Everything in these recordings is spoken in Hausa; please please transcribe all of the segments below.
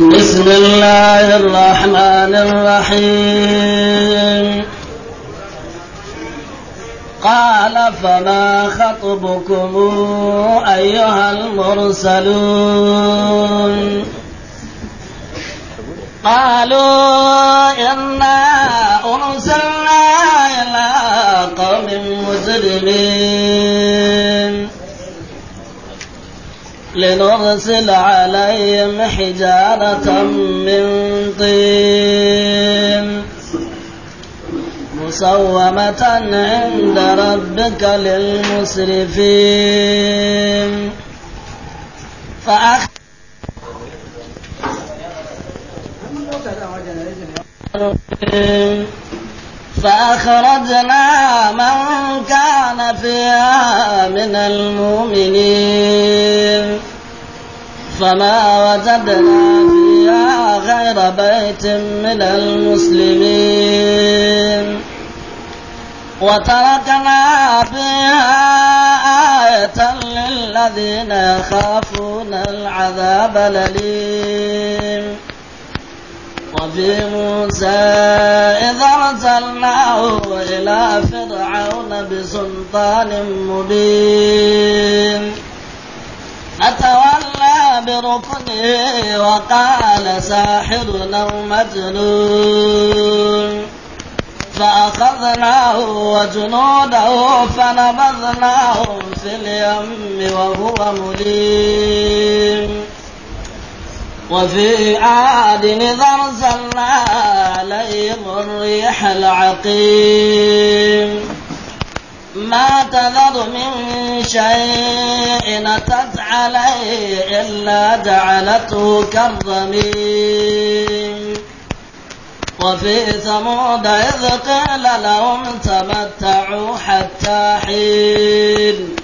بسم الله الرحمن الرحيم قال فما خطبكم أيها المرسلون قالوا إنا أرسلنا إلى قوم مجرمين لنرسل عليهم حجارة من طين مسومة عند ربك للمسرفين فأخ فأخرجنا من كان فيها من المؤمنين فما وجدنا فيها غير بيت من المسلمين وتركنا فيها آية للذين يخافون العذاب الأليم وفي موسى إذ أرسلناه إلى فرعون بسلطان مبين فتولى بركنه وقال ساحر أو مجنون فأخذناه وجنوده فنبذناهم في اليم وهو مليم وفي عاد إذا أرسلنا عليهم الريح العقيم ما تذر من شيء أتت عليه إلا جعلته كالرميم وفي ثمود إذ قيل لهم تمتعوا حتى حين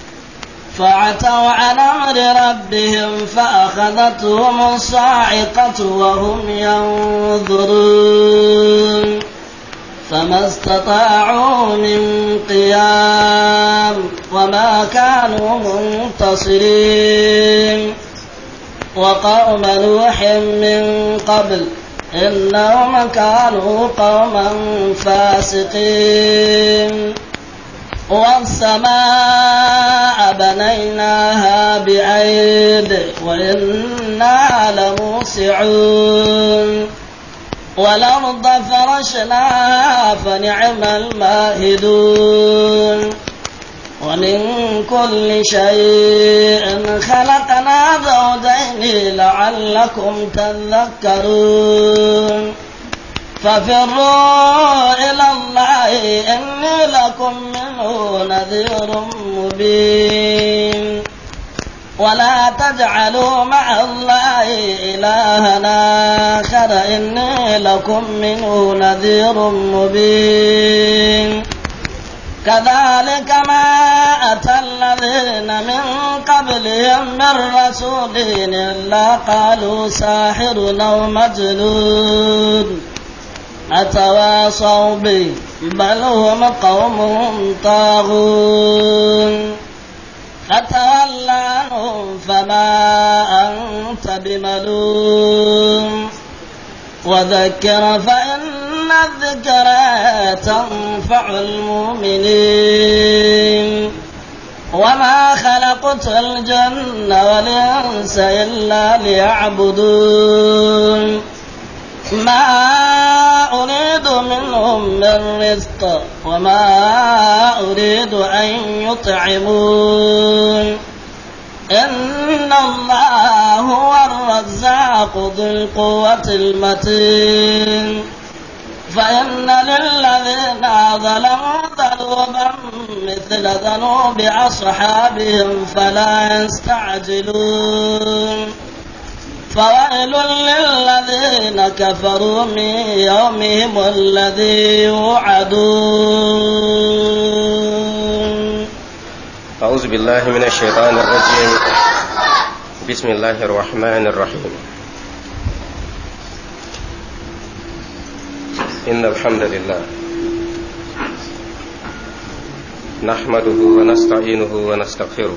فعتوا عن امر ربهم فاخذتهم الصاعقه وهم ينظرون فما استطاعوا من قيام وما كانوا منتصرين وقوم نوح من قبل انهم كانوا قوما فاسقين والسماء بنيناها بعيد وإنا لموسعون والأرض فرشناها فنعم الماهدون ومن كل شيء خلقنا زوجين لعلكم تذكرون ففروا إلى الله إني لكم منه نذير مبين ولا تجعلوا مع الله إلهنا آخر إني لكم منه نذير مبين كذلك ما أتى الذين من قبلهم من رسول إلا قالوا ساحر أو مجنون أتواصوا به بل هم قوم طاغون فتول عنهم فما أنت بملوم وذكر فإن الذكرى تنفع المؤمنين وما خلقت الجن والإنس إلا ليعبدون ما أريد منهم من رزق وما أريد أن يطعمون إن الله هو الرزاق ذو القوة المتين فإن للذين ظلموا ذنوبا مثل ذنوب أصحابهم فلا يستعجلون فويل للذين كفروا من يومهم الذي يوعدون أعوذ بالله من الشيطان الرجيم بسم الله الرحمن الرحيم إن الحمد لله نحمده ونستعينه ونستغفره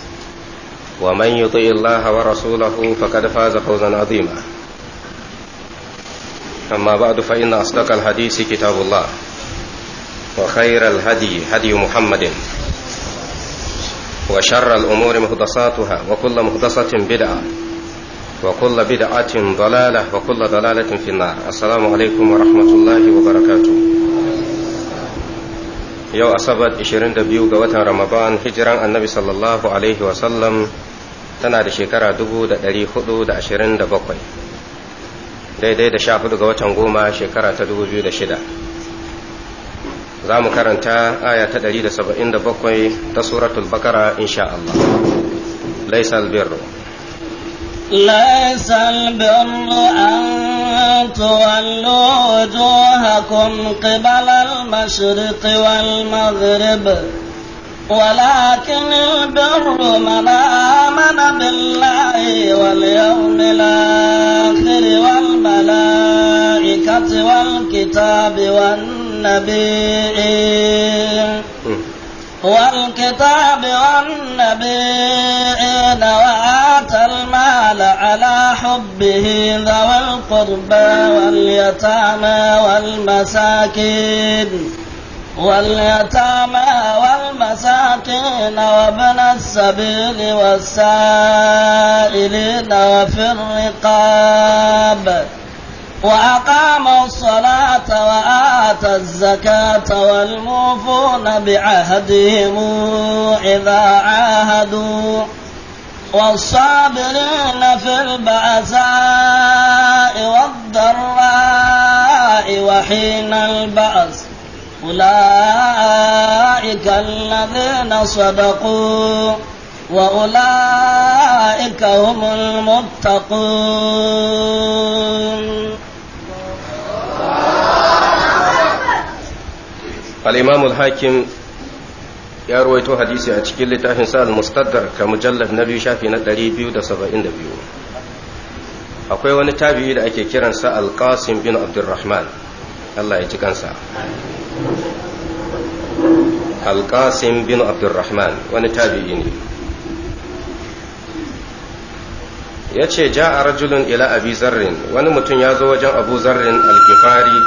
ومن يطع الله ورسوله فقد فاز فوزا عظيما أما بعد فإن أصدق الحديث كتاب الله وخير الهدي هدي محمد وشر الأمور محدثاتها وكل محدثة بدعة وكل بدعة ضلالة وكل ضلالة في النار السلام عليكم ورحمة الله وبركاته يو أصبت 22 ga watan Ramadan hijiran annabi sallallahu alaihi wasallam tana da shekara 427 daidai da sha hudu ga watan goma shekara ta 2006 za mu karanta aya ta 177 ta suratul bakara insha Allah laisa albirru ليس البر أن تولوا وجوهكم قبل المشرق ولكن البر من آمن بالله واليوم الآخر والملائكة والكتاب والنبيين والكتاب والنبيين وآتى المال على حبه ذوي القربى واليتامى والمساكين واليتامى والمساكين وابن السبيل والسائلين وفي الرقاب وأقاموا الصلاة وآتوا الزكاة والموفون بعهدهم إذا عاهدوا والصابرين في البأساء والضراء وحين البأس أولئك الذين صدقوا وأولئك هم المتقون الإمام الحاكم ya ruwaito hadisi a cikin littafin sa al-mustaddar ka mujallad na biyu shafi na 272 akwai wani tabi'i da ake kiransa al-qasim bin abdurrahman Allah ya ji kansa alƙasim bin abdurrahman wani tabi'i ne ya ce ja a rajulun ila abi zarrin wani mutum ya zo wajen abu zarrin alkifari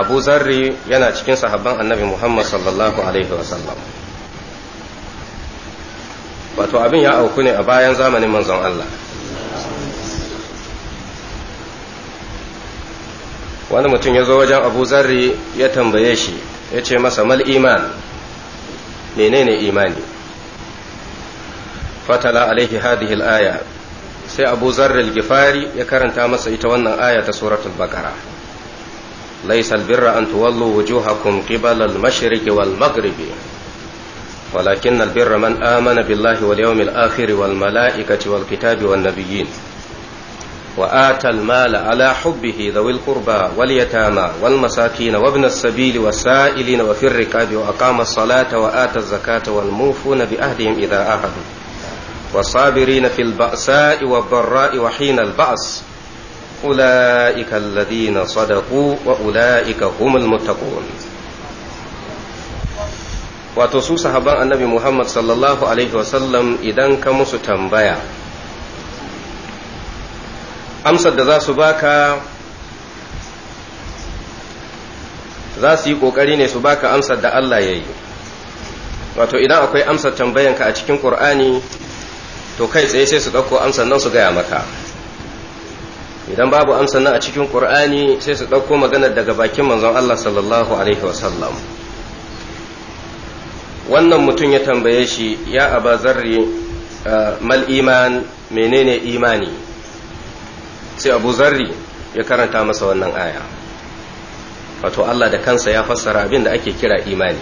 abu zarri yana cikin annabi muhammad sallallahu wato abin ya auku ne a bayan zamanin manzon allah wani mutum ya zo wajen abu zarri ya tambaye shi ya ce masa mal iman menene imani fatala alaihi hadhihi al-aya sai abu zarril gifari ya karanta masa ita wannan aya ta suratul baqara Laisal-birra an tuwallu wujuhakum qibala al-mashriqi wal maghribi walakin albirra man amana billahi wal yawmil akhir wal mala'ikati wal kitabi wan nabiyyin وآتى المال على حبه ذوي القربى واليتامى والمساكين وابن السبيل والسائلين وفي الركاب وأقام الصلاة وآتى الزكاة والموفون بأهلهم إذا أهدوا والصابرين في البأساء والضراء وحين البأس أولئك الذين صدقوا وأولئك هم المتقون wato su sahaban annabi Muhammad sallallahu alaihi wasallam idan ka musu tambaya amsar da za su baka za su yi ƙoƙari ne su baka amsar da Allah ya yi wato idan akwai amsar tambayanka a cikin ƙur'ani to kai tsaye sai su ɗauko amsar nan su gaya maka idan babu amsar nan a cikin ƙur'ani sai su ɗauko maganar daga bakin manzon Allah sallallahu alaihi wasallam wannan mutum ya tambaye shi ya abazarri zarri eh, mal iman menene imani sai abu zarri ya karanta masa wannan aya wato Allah da kansa ya fassara abin da ake kira imani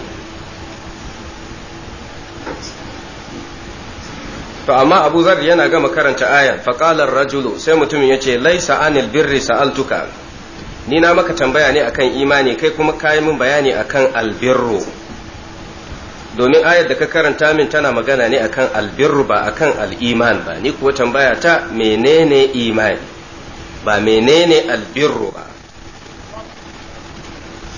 to amma abu zarri yana gama karanta ayan faƙalar rajulu sai mutumin ya ce laisa anil birri sa'altuka ni na maka tambaya ne akan imani kai kuma kayi min bayani akan albirru domin ayar da ka karanta min tana magana ne akan albirru ba akan al'iman ba ni kuwa tambaya ta menene imani ba menene albirru ba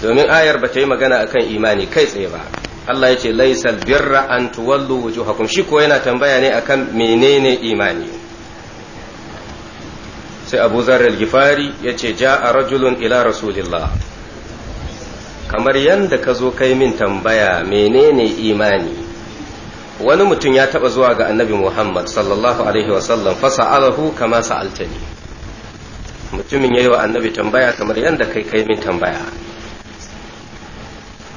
domin ayar ba ta yi magana akan imani kai tsaye ba Allah ya ce laisal birra an tuwallu wujuhakum shi ko yana tambaya ne akan menene imani sai Abu Zar al-Ghifari yace ja'a rajulun ila rasulillah kamar yadda ka zo kai min tambaya menene imani wani mutum ya taba zuwa ga annabi Muhammad sallallahu alaihi wasallam fasa'alahu kama sa'altani mutumin ya yi wa annabi tambaya kamar yadda kai kai min tambaya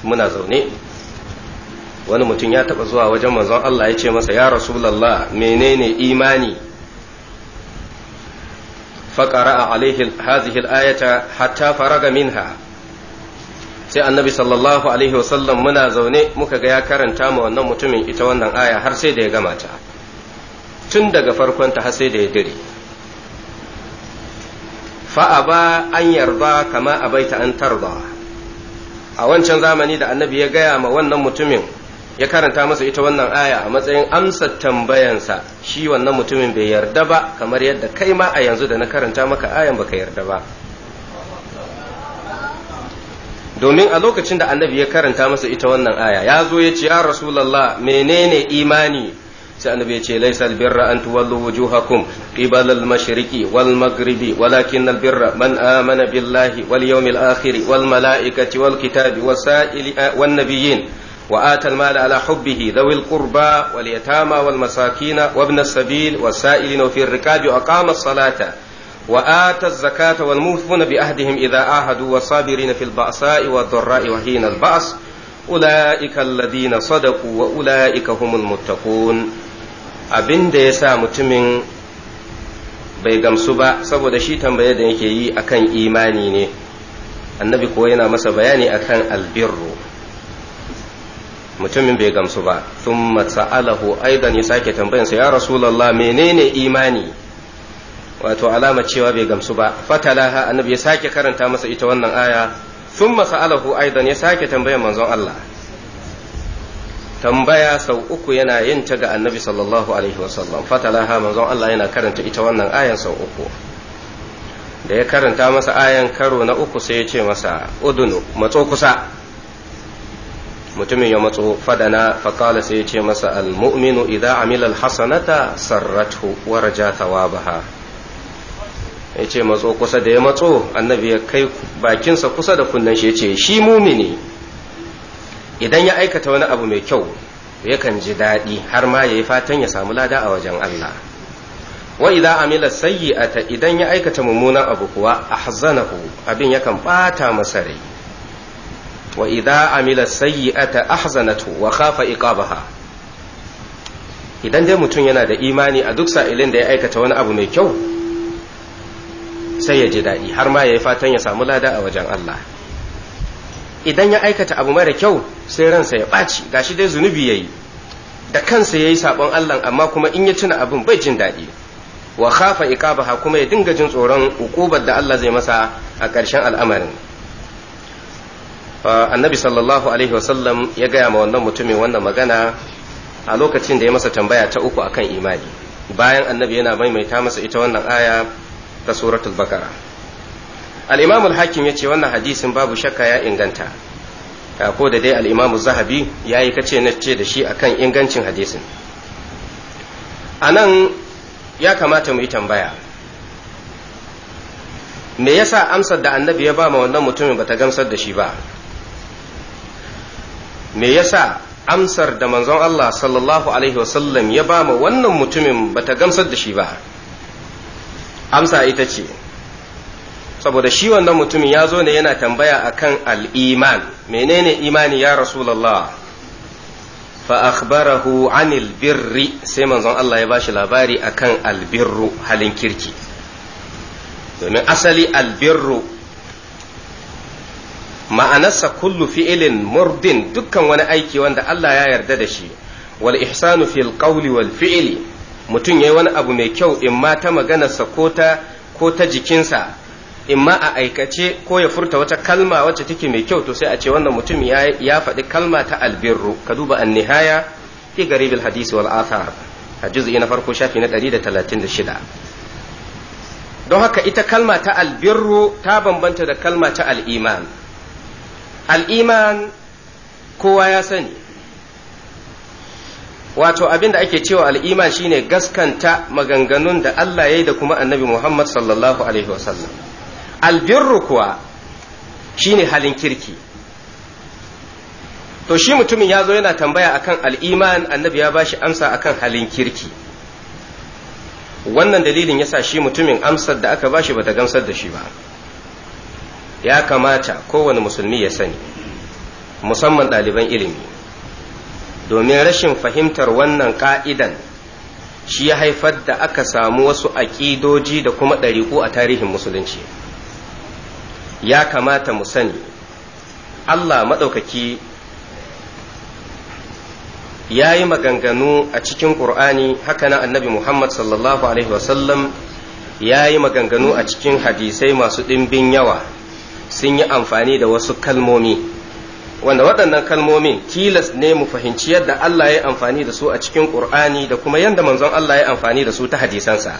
muna zaune wani mutum ya taɓa zuwa wajen manzon Allah ya ce masa ya rasulallah menene imani a a hazihil ayata hatta faraga minha sai annabi sallallahu alaihi wasallam muna zaune muka ga ya karanta ma wannan mutumin ita wannan aya har sai da ya gama ta tun daga farkonta har sai da ya dare fa'aba an yarda kama abaita an tarda a wancan zamani da annabi ya gaya ma wannan mutumin ya karanta masa ita wannan aya a matsayin amsa tambayansa shi wannan mutumin bai yarda ba kamar yadda kai ma a yanzu da na karanta maka ayan baka yarda ba domin a lokacin da annabi ya karanta masa ita wannan aya ya zo ya ce ya rasulallah menene imani sai annabi ya ce laysa albirra an tuwallu wujuhakum qibala al-mashriqi wal maghribi walakin albirra man amana billahi wal yawmil akhir wal malaikati wal kitabi wasaili wan nabiyyin wa atal mal ala hubbihi dhawil qurba wal yatama wal masakin wabn as-sabil wasailin fi ar-riqabi wa aqama as-salata وآت الزكاة والموفون بأهدهم إذا آهدوا وصابرين في البأساء والضراء وحين البأس أولئك الذين صدقوا وأولئك هم المتقون abin da ya sa mutumin bai gamsu ba saboda shi tambaye da yake yi akan imani ne annabi kuwa yana masa bayani akan albirru mutumin bai gamsu ba sun matsa'alahu aidan ya sake tambayansa ya rasulallah menene imani wato alama cewa bai gamsu ba fatalaha annabi ya sake karanta masa ita wannan aya sun matsa'alahu aidan ya sake tambayan manzon Allah tambaya sau uku yana yin ta ga annabi sallallahu alaihi wasallam fatalaha manzon Allah yana karanta ita wannan ayan sau uku da ya karanta masa ayan karo na uku sai ya ce masa udunu matso kusa mutumin ya matso fadana faqala sai ya ce masa almu'minu idza amila alhasanata sarrathu wa raja thawabaha ya ce matso kusa da ya matso annabi ya kai bakinsa kusa da kunnen shi ya ce shi mumini idan ya aikata wani abu mai kyau yakan ji daɗi har ma ya yi fatan ya samu lada a wajen Allah wa idan amila ta idan ya aikata mummunan abu kuwa ahzanahu abin yakan bata masa rai wa idan amila sayyi'ata ahzanatu wa khafa iqabaha idan dai mutum yana da imani a duk sa'ilin da ya aikata wani abu mai kyau sai ya ji daɗi har ma ya yi fatan ya samu lada a wajen Allah idan ya aikata abu mara kyau sai ransa ya ɓaci ga shi dai zunubi ya yi da kansa ya yi saɓon Allah amma kuma in ya tuna abin bai jin daɗi wa khafa iqabaha kuma ya dinga jin tsoron uqubar da Allah zai masa a ƙarshen al'amarin ah, annabi sallallahu alaihi wasallam ya gaya ma wannan mutumin wannan magana a lokacin da ya masa tambaya ta uku akan imani bayan annabi yana maimaita masa ita wannan aya ta suratul bakara al-imam ya ce wannan hadisin babu shakka ya inganta ko da dai al-imam zahabi yayi kace na ce da shi akan ingancin hadisin anan ya kamata mu yi tambaya me yasa amsar da annabi ya ba ma wannan mutumin bata gamsar da shi ba me yasa amsar da manzon Allah sallallahu alaihi wasallam ya ba ma wannan mutumin bata gamsar da shi ba amsa ita ce saboda shi wannan mutumin ya zo ne yana tambaya akan al'iman menene imani ya rasu rasulallah fa akhbarahu anil birri sai manzon Allah ya bashi labari akan albirru halin kirki domin asali albirru ma'anarsa kullu fi'ilin murdin dukkan wani aiki wanda Allah ya yarda da shi wal ihsanu fil qawli wal fi'li mutum yayi wani abu mai kyau in ma ta maganarsa ko ta ko ta jikinsa imma a aikace ko ya furta wata kalma wacce take mai kyau to sai a ce wannan mutum ya faɗi kalma ta albirru ka duba an nihaya fi garibil hadisi wal athar a juz'i na farko shafi na 136 don haka ita kalma ta albirru ta bambanta da kalma ta al'iman al'iman kowa ya sani wato abin da ake cewa al'iman shine gaskanta maganganun da Allah ya yi da kuma annabi Muhammad sallallahu alaihi wasallam albirru kuwa shine halin kirki to shi mutumin ya zo yana tambaya akan al'iman annabi ya bashi amsa akan halin kirki wannan dalilin yasa shi mutumin amsar da aka bashi bata gamsar da shi ba ya kamata kowane musulmi ya sani musamman ɗaliban ilimi domin rashin fahimtar wannan ka'idan shi ya haifar da aka samu wasu aƙidoji da kuma ɗariƙu a tarihin musulunci. ya kamata mu sani Allah maɗaukaki ya yi maganganu a cikin ƙur'ani haka na annabi Muhammad sallallahu Alaihi wasallam ya yi maganganu a cikin hadisai masu ɗimbin yawa sun yi amfani da wasu kalmomi wanda waɗannan kalmomin tilas ne mu fahimci yadda Allah ya yi amfani da su a cikin ƙur'ani da kuma yadda manzon Allah ya yi amfani da su ta hadisansa.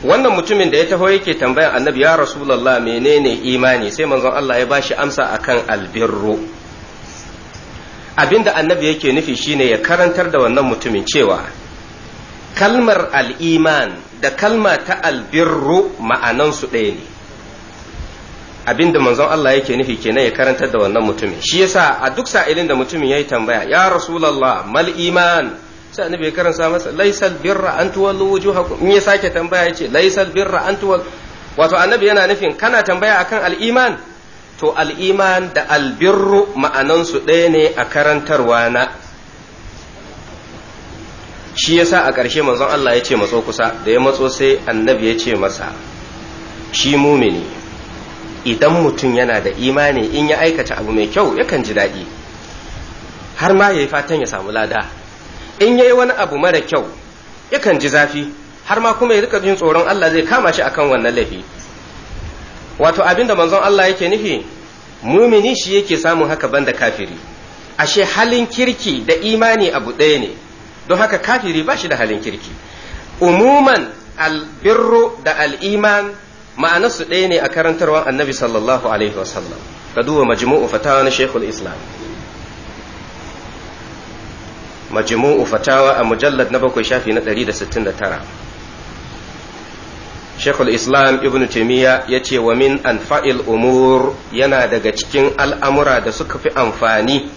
wannan mutumin da ya taho yake tambayan annabi ya rasulullah menene imani sai manzon Allah ya bashi amsa akan albirru abinda annabi yake nufi shine ya karantar da wannan mutumin cewa kalmar al'iman da kalma ta albirru ma'anansu ɗaya ne abinda manzon Allah yake nufi kenan ya karantar da wannan mutumin shi yasa a duk sa'ilin da mutumin ya yi tambaya ya rasulallah mal iman sai annabi ya karanta masa laisal birra an tuwallu wujuhakum in ya sake tambaya yace laisal birra an tuwallu wato annabi yana nufin kana tambaya akan al'iman to al'iman da albirru ma'anansu ɗaya ne a karantarwa na shi yasa a ƙarshe manzon Allah ya ce matso kusa da ya matso sai annabi ya ce masa shi mumini idan mutum yana da imani in ya aikata abu mai kyau yakan ji daɗi har ma ya yi fatan ya samu lada in yayi wani abu mara kyau yakan ji zafi har ma kuma ya rika jin tsoron Allah zai kama shi akan wannan laifi wato abin da manzon Allah yake nufi mumini shi yake samun haka banda kafiri ashe halin kirki da imani abu ɗaya ne don haka kafiri ba shi da halin kirki umuman albirru da al'iman ma'anarsu ɗaya ne a karantarwar annabi sallallahu alaihi wasallam ka duba majmu'u fatawa na shekul islam majmu'u fatawa a mujallad na bakwai shafi na 169 Sheikhul islam ibn taimiyya ya ce wa min anfa'il umur yana daga cikin al'amura da suka fi amfani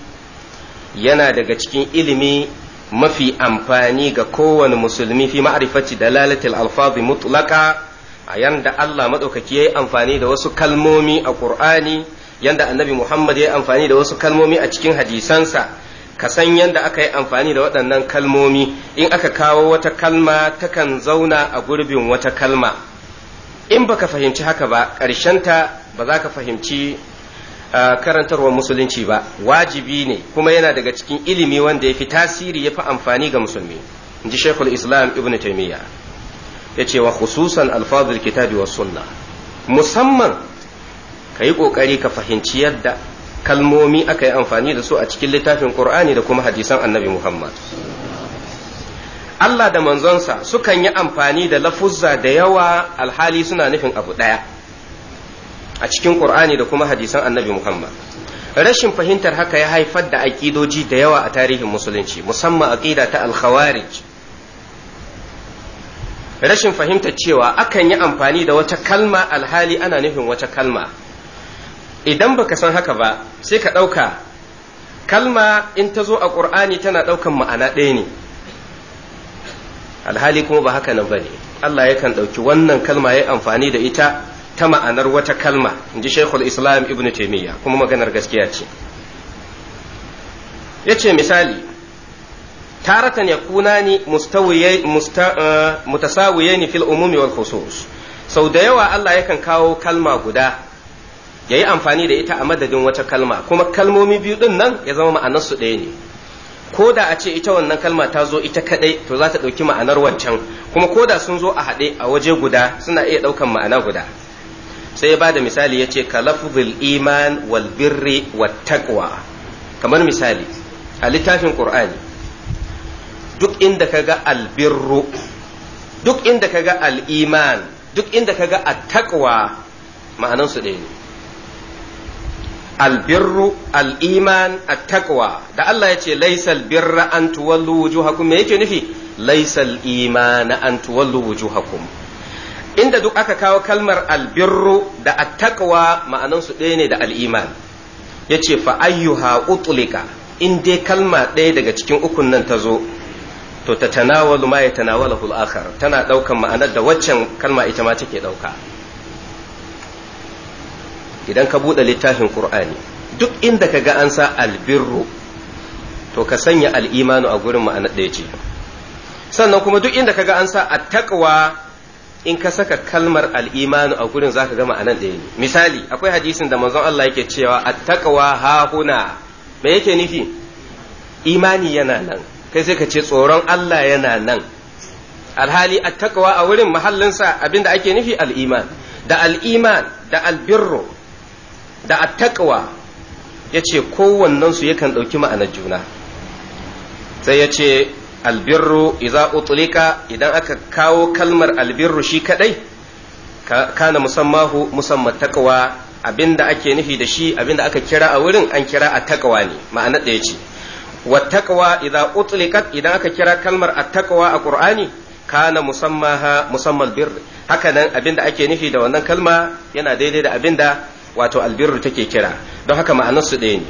yana daga cikin ilimi mafi amfani ga kowane musulmi fi ma'rifati dalalatil alfazi mutlaka a yanda Allah madaukaki yayi yi amfani da wasu kalmomi a ƙur'ani yanda annabi Muhammad ya yi amfani da wasu kalmomi a cikin hadisansa ka san yadda aka yi amfani da waɗannan kalmomi in aka kawo wata kalma takan zauna a gurbin wata kalma in baka fahimci haka ba ƙarshen ta ba za ka fahimci karantarwar musulunci ba wajibi ne kuma yana daga cikin ilimi wanda ya fi tasiri ya fi amfani ga musulmi in ji shekul islam ibn taimiyya ya ce wa khususan alfazul kitabi wa sunna musamman ka yi ƙoƙari ka fahimci yadda kalmomi aka yi amfani da su a cikin littafin Qur'ani da kuma hadisan Annabi Muhammad Allah da manzonsa sukan yi amfani da lafuzza da yawa alhali suna nufin abu ɗaya a cikin Qur'ani da kuma hadisan Annabi Muhammad rashin fahimtar haka ya haifar da aƙidoji da yawa a tarihin musulunci musamman aƙida ta alkhawarij rashin fahimtar cewa akan yi amfani da wata kalma alhali ana nufin wata kalma idan baka san haka ba sai ka ɗauka kalma in ta zo a ƙur'ani tana ɗaukan ma'ana ɗaya ne alhali kuma ba haka nan ba ne Allah yakan ɗauki wannan kalma ya amfani da ita ta ma'anar wata kalma in ji shaikhul islam ibn taimiyya kuma maganar gaskiya ce ya ce misali taratan ya kuna ni eh, mutasawiyai ni fil umumi wal khusus sau da yawa Allah yakan kawo kalma guda ya yi amfani da ita a madadin wata kalma kuma kalmomi biyu din nan ya zama ma'anarsu ɗaya ne ko da a ce ita wannan kalma ta zo ita kadai, to za ta ɗauki ma'anar wancan kuma ko da sun zo a haɗe a waje guda suna iya ɗaukan ma'ana guda sai ya bada misali ya ce kalafuzil iman wal birri wat taqwa kamar misali a littafin qur'ani duk inda kaga albirru duk inda kaga al iman duk inda kaga at taqwa ma'anansu ɗaya ne albirru al'iman attaqwa da Allah ya ce laisal birra an tuwallu wujuhakum me yake nufi laisal imana an tuwallu wujuhakum inda duk aka kawo kalmar albirru da attaqwa ma'anan su ɗaya ne da al'iman yace fa ayyuha utlika in dai kalma ɗaya daga cikin ukun nan ta zo to ta ma ya al-akhar tana ɗaukan ma'anar da waccan kalma ita ma take ɗauka idan ka buɗe littafin qur'ani duk inda ka ga an sa albirru to ka sanya al'imanu a gurin ma'ana ɗaya ce sannan kuma duk inda ka ga an sa attaqwa in ka saka kalmar al'imanu a gurin zaka ga ma'anan ɗaya ne misali akwai hadisin da manzon Allah yake cewa attaqwa hahuna me yake nufi imani yana nan kai sai ka ce tsoron Allah yana nan alhali attaqwa a wurin mahallinsa abinda ake nufi al'iman da al'iman da albirru da attaqwa yace ce su yakan ɗauki ma'anar juna sai yace albirru idza utlika idan aka kawo kalmar albirru shi kadai kana musammahu musamman taqwa abinda ake nufi da shi abinda aka kira a wurin an kira a taqwa ne ma'ana da yace wa taqwa idza utliqat idan aka kira kalmar attaqwa a qur'ani kana musammaha musammal birr haka nan abinda ake nufi da wannan kalma yana daidai da abinda wato albirru take kira don haka ma'anar su ɗaya ne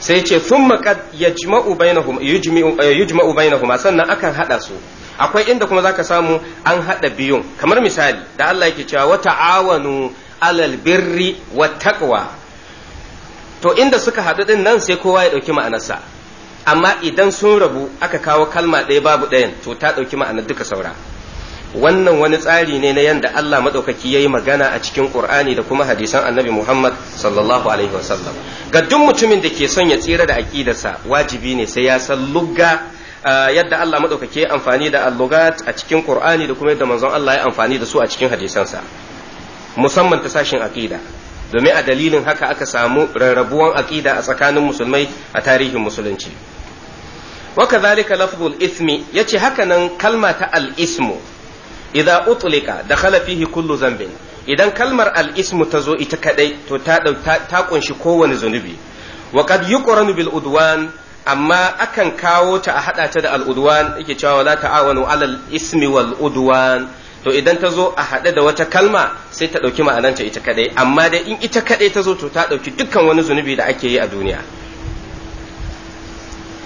sai ce sun qad yajma'u eh, bainahuma sannan akan haɗa su akwai inda kuma zaka samu an haɗa biyun kamar misali da Allah yake cewa wata ta'awanu alal birri wa taqwa to inda suka haɗu din nan sai kowa ya ɗauki ma'anarsa amma idan sun rabu aka kawo kalma ɗaya babu ɗayan to ta ɗauki ma'anar duka saura wannan wani tsari ne na yadda Allah maɗaukaki ya yi magana a cikin Ƙur'ani da kuma hadisan annabi Muhammad sallallahu alaihi wasallam ga duk mutumin da ke son ya tsira da aƙidarsa wajibi ne sai ya san lugga ah, yadda Allah maɗaukaki ya amfani da allugat a cikin Ƙur'ani da kuma yadda manzon Allah ya amfani da su a cikin hadisansa musamman ta sashin aƙida domin a dalilin haka aka samu rarrabuwan aƙida a tsakanin musulmai a tarihin musulunci وكذلك لفظ الإثم يتي هكذا كلمة الإثم idza utlika dakhala fihi kullu zambin idan kalmar al-ismu tazo ita kadai to ta ta kunshi kowane zunubi wa qad yuqranu bil udwan amma akan kawo ta a hada ta da al-udwan yake cewa wala ta'awanu alal ismi wal udwan to idan ta zo a hade da wata kalma sai ta dauki ma'ananta ita kadai amma dai in ita kadai ta zo to ta dauki dukkan wani zunubi da ake yi a duniya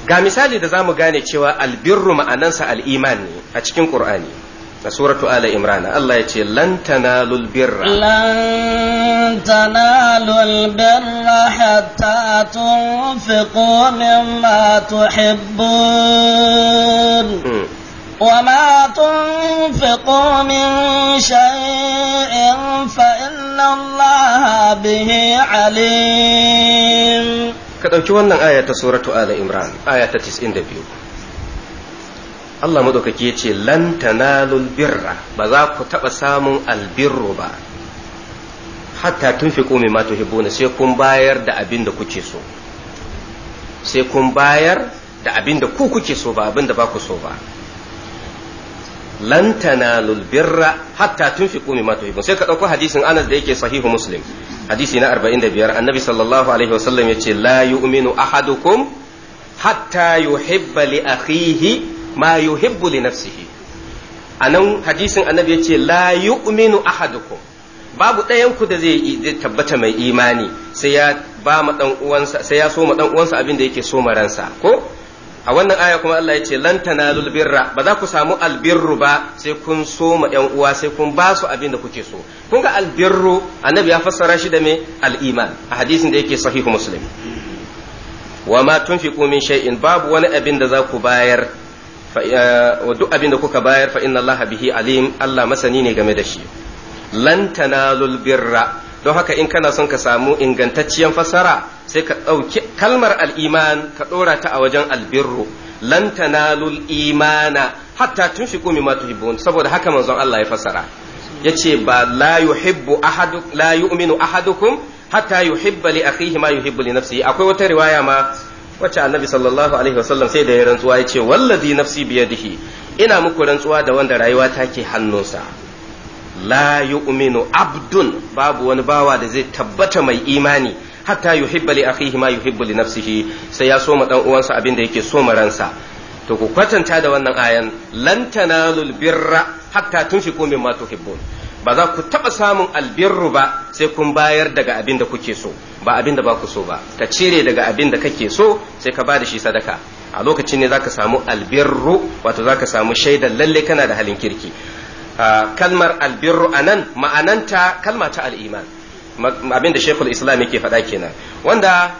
ga misali da zamu gane cewa albirru ma'anansa al-iman ne a cikin qur'ani Na suratu ala imran Allah ya ce lan tanalul birra lan tanalul birra hatta tunfiqu mimma tuhibbun وما تنفقوا من شيء فإن الله به عليم كدوكي wannan aya ta suratu ala imran aya ta 92 Allah madaukaki ya ce lantanalul birra ba za ku taɓa samun albirru ba hatta tun fi tunfiqu mimma tuhibbuna sai kun bayar da abin da kuke so sai kun bayar da abin da ku kuke so ba abin da ba ku so ba lan tanalul birra hatta tunfiqu mimma tuhibbun sai ka ɗauko hadisin Anas da yake sahihu Muslim hadisi na 45 annabi sallallahu alaihi wasallam ce la yu'minu ahadukum hatta yuhibba li akhihi ma yuhibbu li nafsihi anan hadisin annabi yace la yu'minu ahadukum babu ɗayan ku da zai tabbata mai imani sai ya ba ma dan uwansa sai ya so ma dan uwansa abin da yake so ransa ko a wannan aya kuma Allah ya ce lan tanalul birra ba za ku samu albirru ba sai kun so ma ɗan uwa sai kun ba su abin da kuke so kun ga albirru annabi ya fassara shi da me al-iman a hadisin da yake sahihu muslim wa ma tunfiqu min shay'in babu wani abin da za ku bayar wa duk abin da kuka bayar fa inna Allah bihi alim Allah masani ne game da shi lan tanalul birra don haka in kana son ka samu ingantacciyar fasara sai ka ɗauki kalmar al'iman ka ɗora ta a wajen albirru lan tanalul imana hatta tun fi kumi ma tuhibbun saboda haka manzon Allah ya fassara yace ba la yuhibbu ahadu la yu'minu ahadukum hatta yuhibba li akhihi ma yuhibbu li nafsihi akwai wata riwaya ma wacce annabi sallallahu alaihi wasallam sai da ya rantsuwa ya ce wallazi nafsi biyadihi ina muku rantsuwa da wanda rayuwa ke hannunsa la yu'minu abdun babu wani bawa da zai tabbata mai imani hatta yuhibba li akhihi ma yuhibbu li nafsihi sai ya soma dan uwansa abin da yake soma ransa to ku kwatanta da wannan ayan lan tanalul birra hatta tunfiqu mimma tuhibbun ba za ku taɓa samun albirru ba sai kun bayar daga abin da kuke so ba abin da ba ku so ba ka cire daga abin da kake so sai ka ba da shi sadaka a lokacin ne za ka samu albirru wato za ka samu shaidar lalle kana da halin kirki ah, kalmar albirru anan ma'ananta kalma ta al'iman abin da shekul islam yake faɗa kenan wanda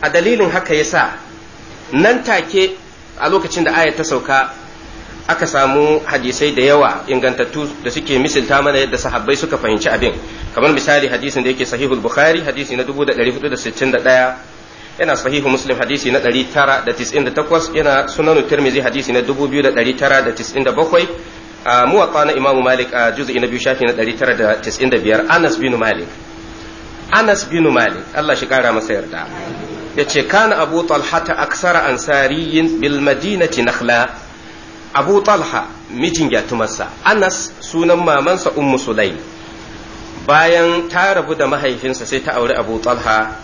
a dalilin haka yasa nan take a lokacin da ayat ta sauka aka samu hadisai da yawa ingantattu da suke misilta mana yadda sahabbai suka fahimci abin kamar misali hadisin da yake sahihul bukhari hadisi na 1461 yana sahihu muslim hadisi na 998 yana sunanu tirmizi hadisi na 2997 a muwatta na imamu malik a juz'i na biyu shafi na 995 anas bin malik anas bin malik Allah shi kara masa yarda yace kana abu talhata aksara ansariyin bil madinati nakhla abu talha mijin gyatumarsa anas sunan mamansa ummu sulaim bayan ta rabu da mahaifinsa sai ta auri abu talha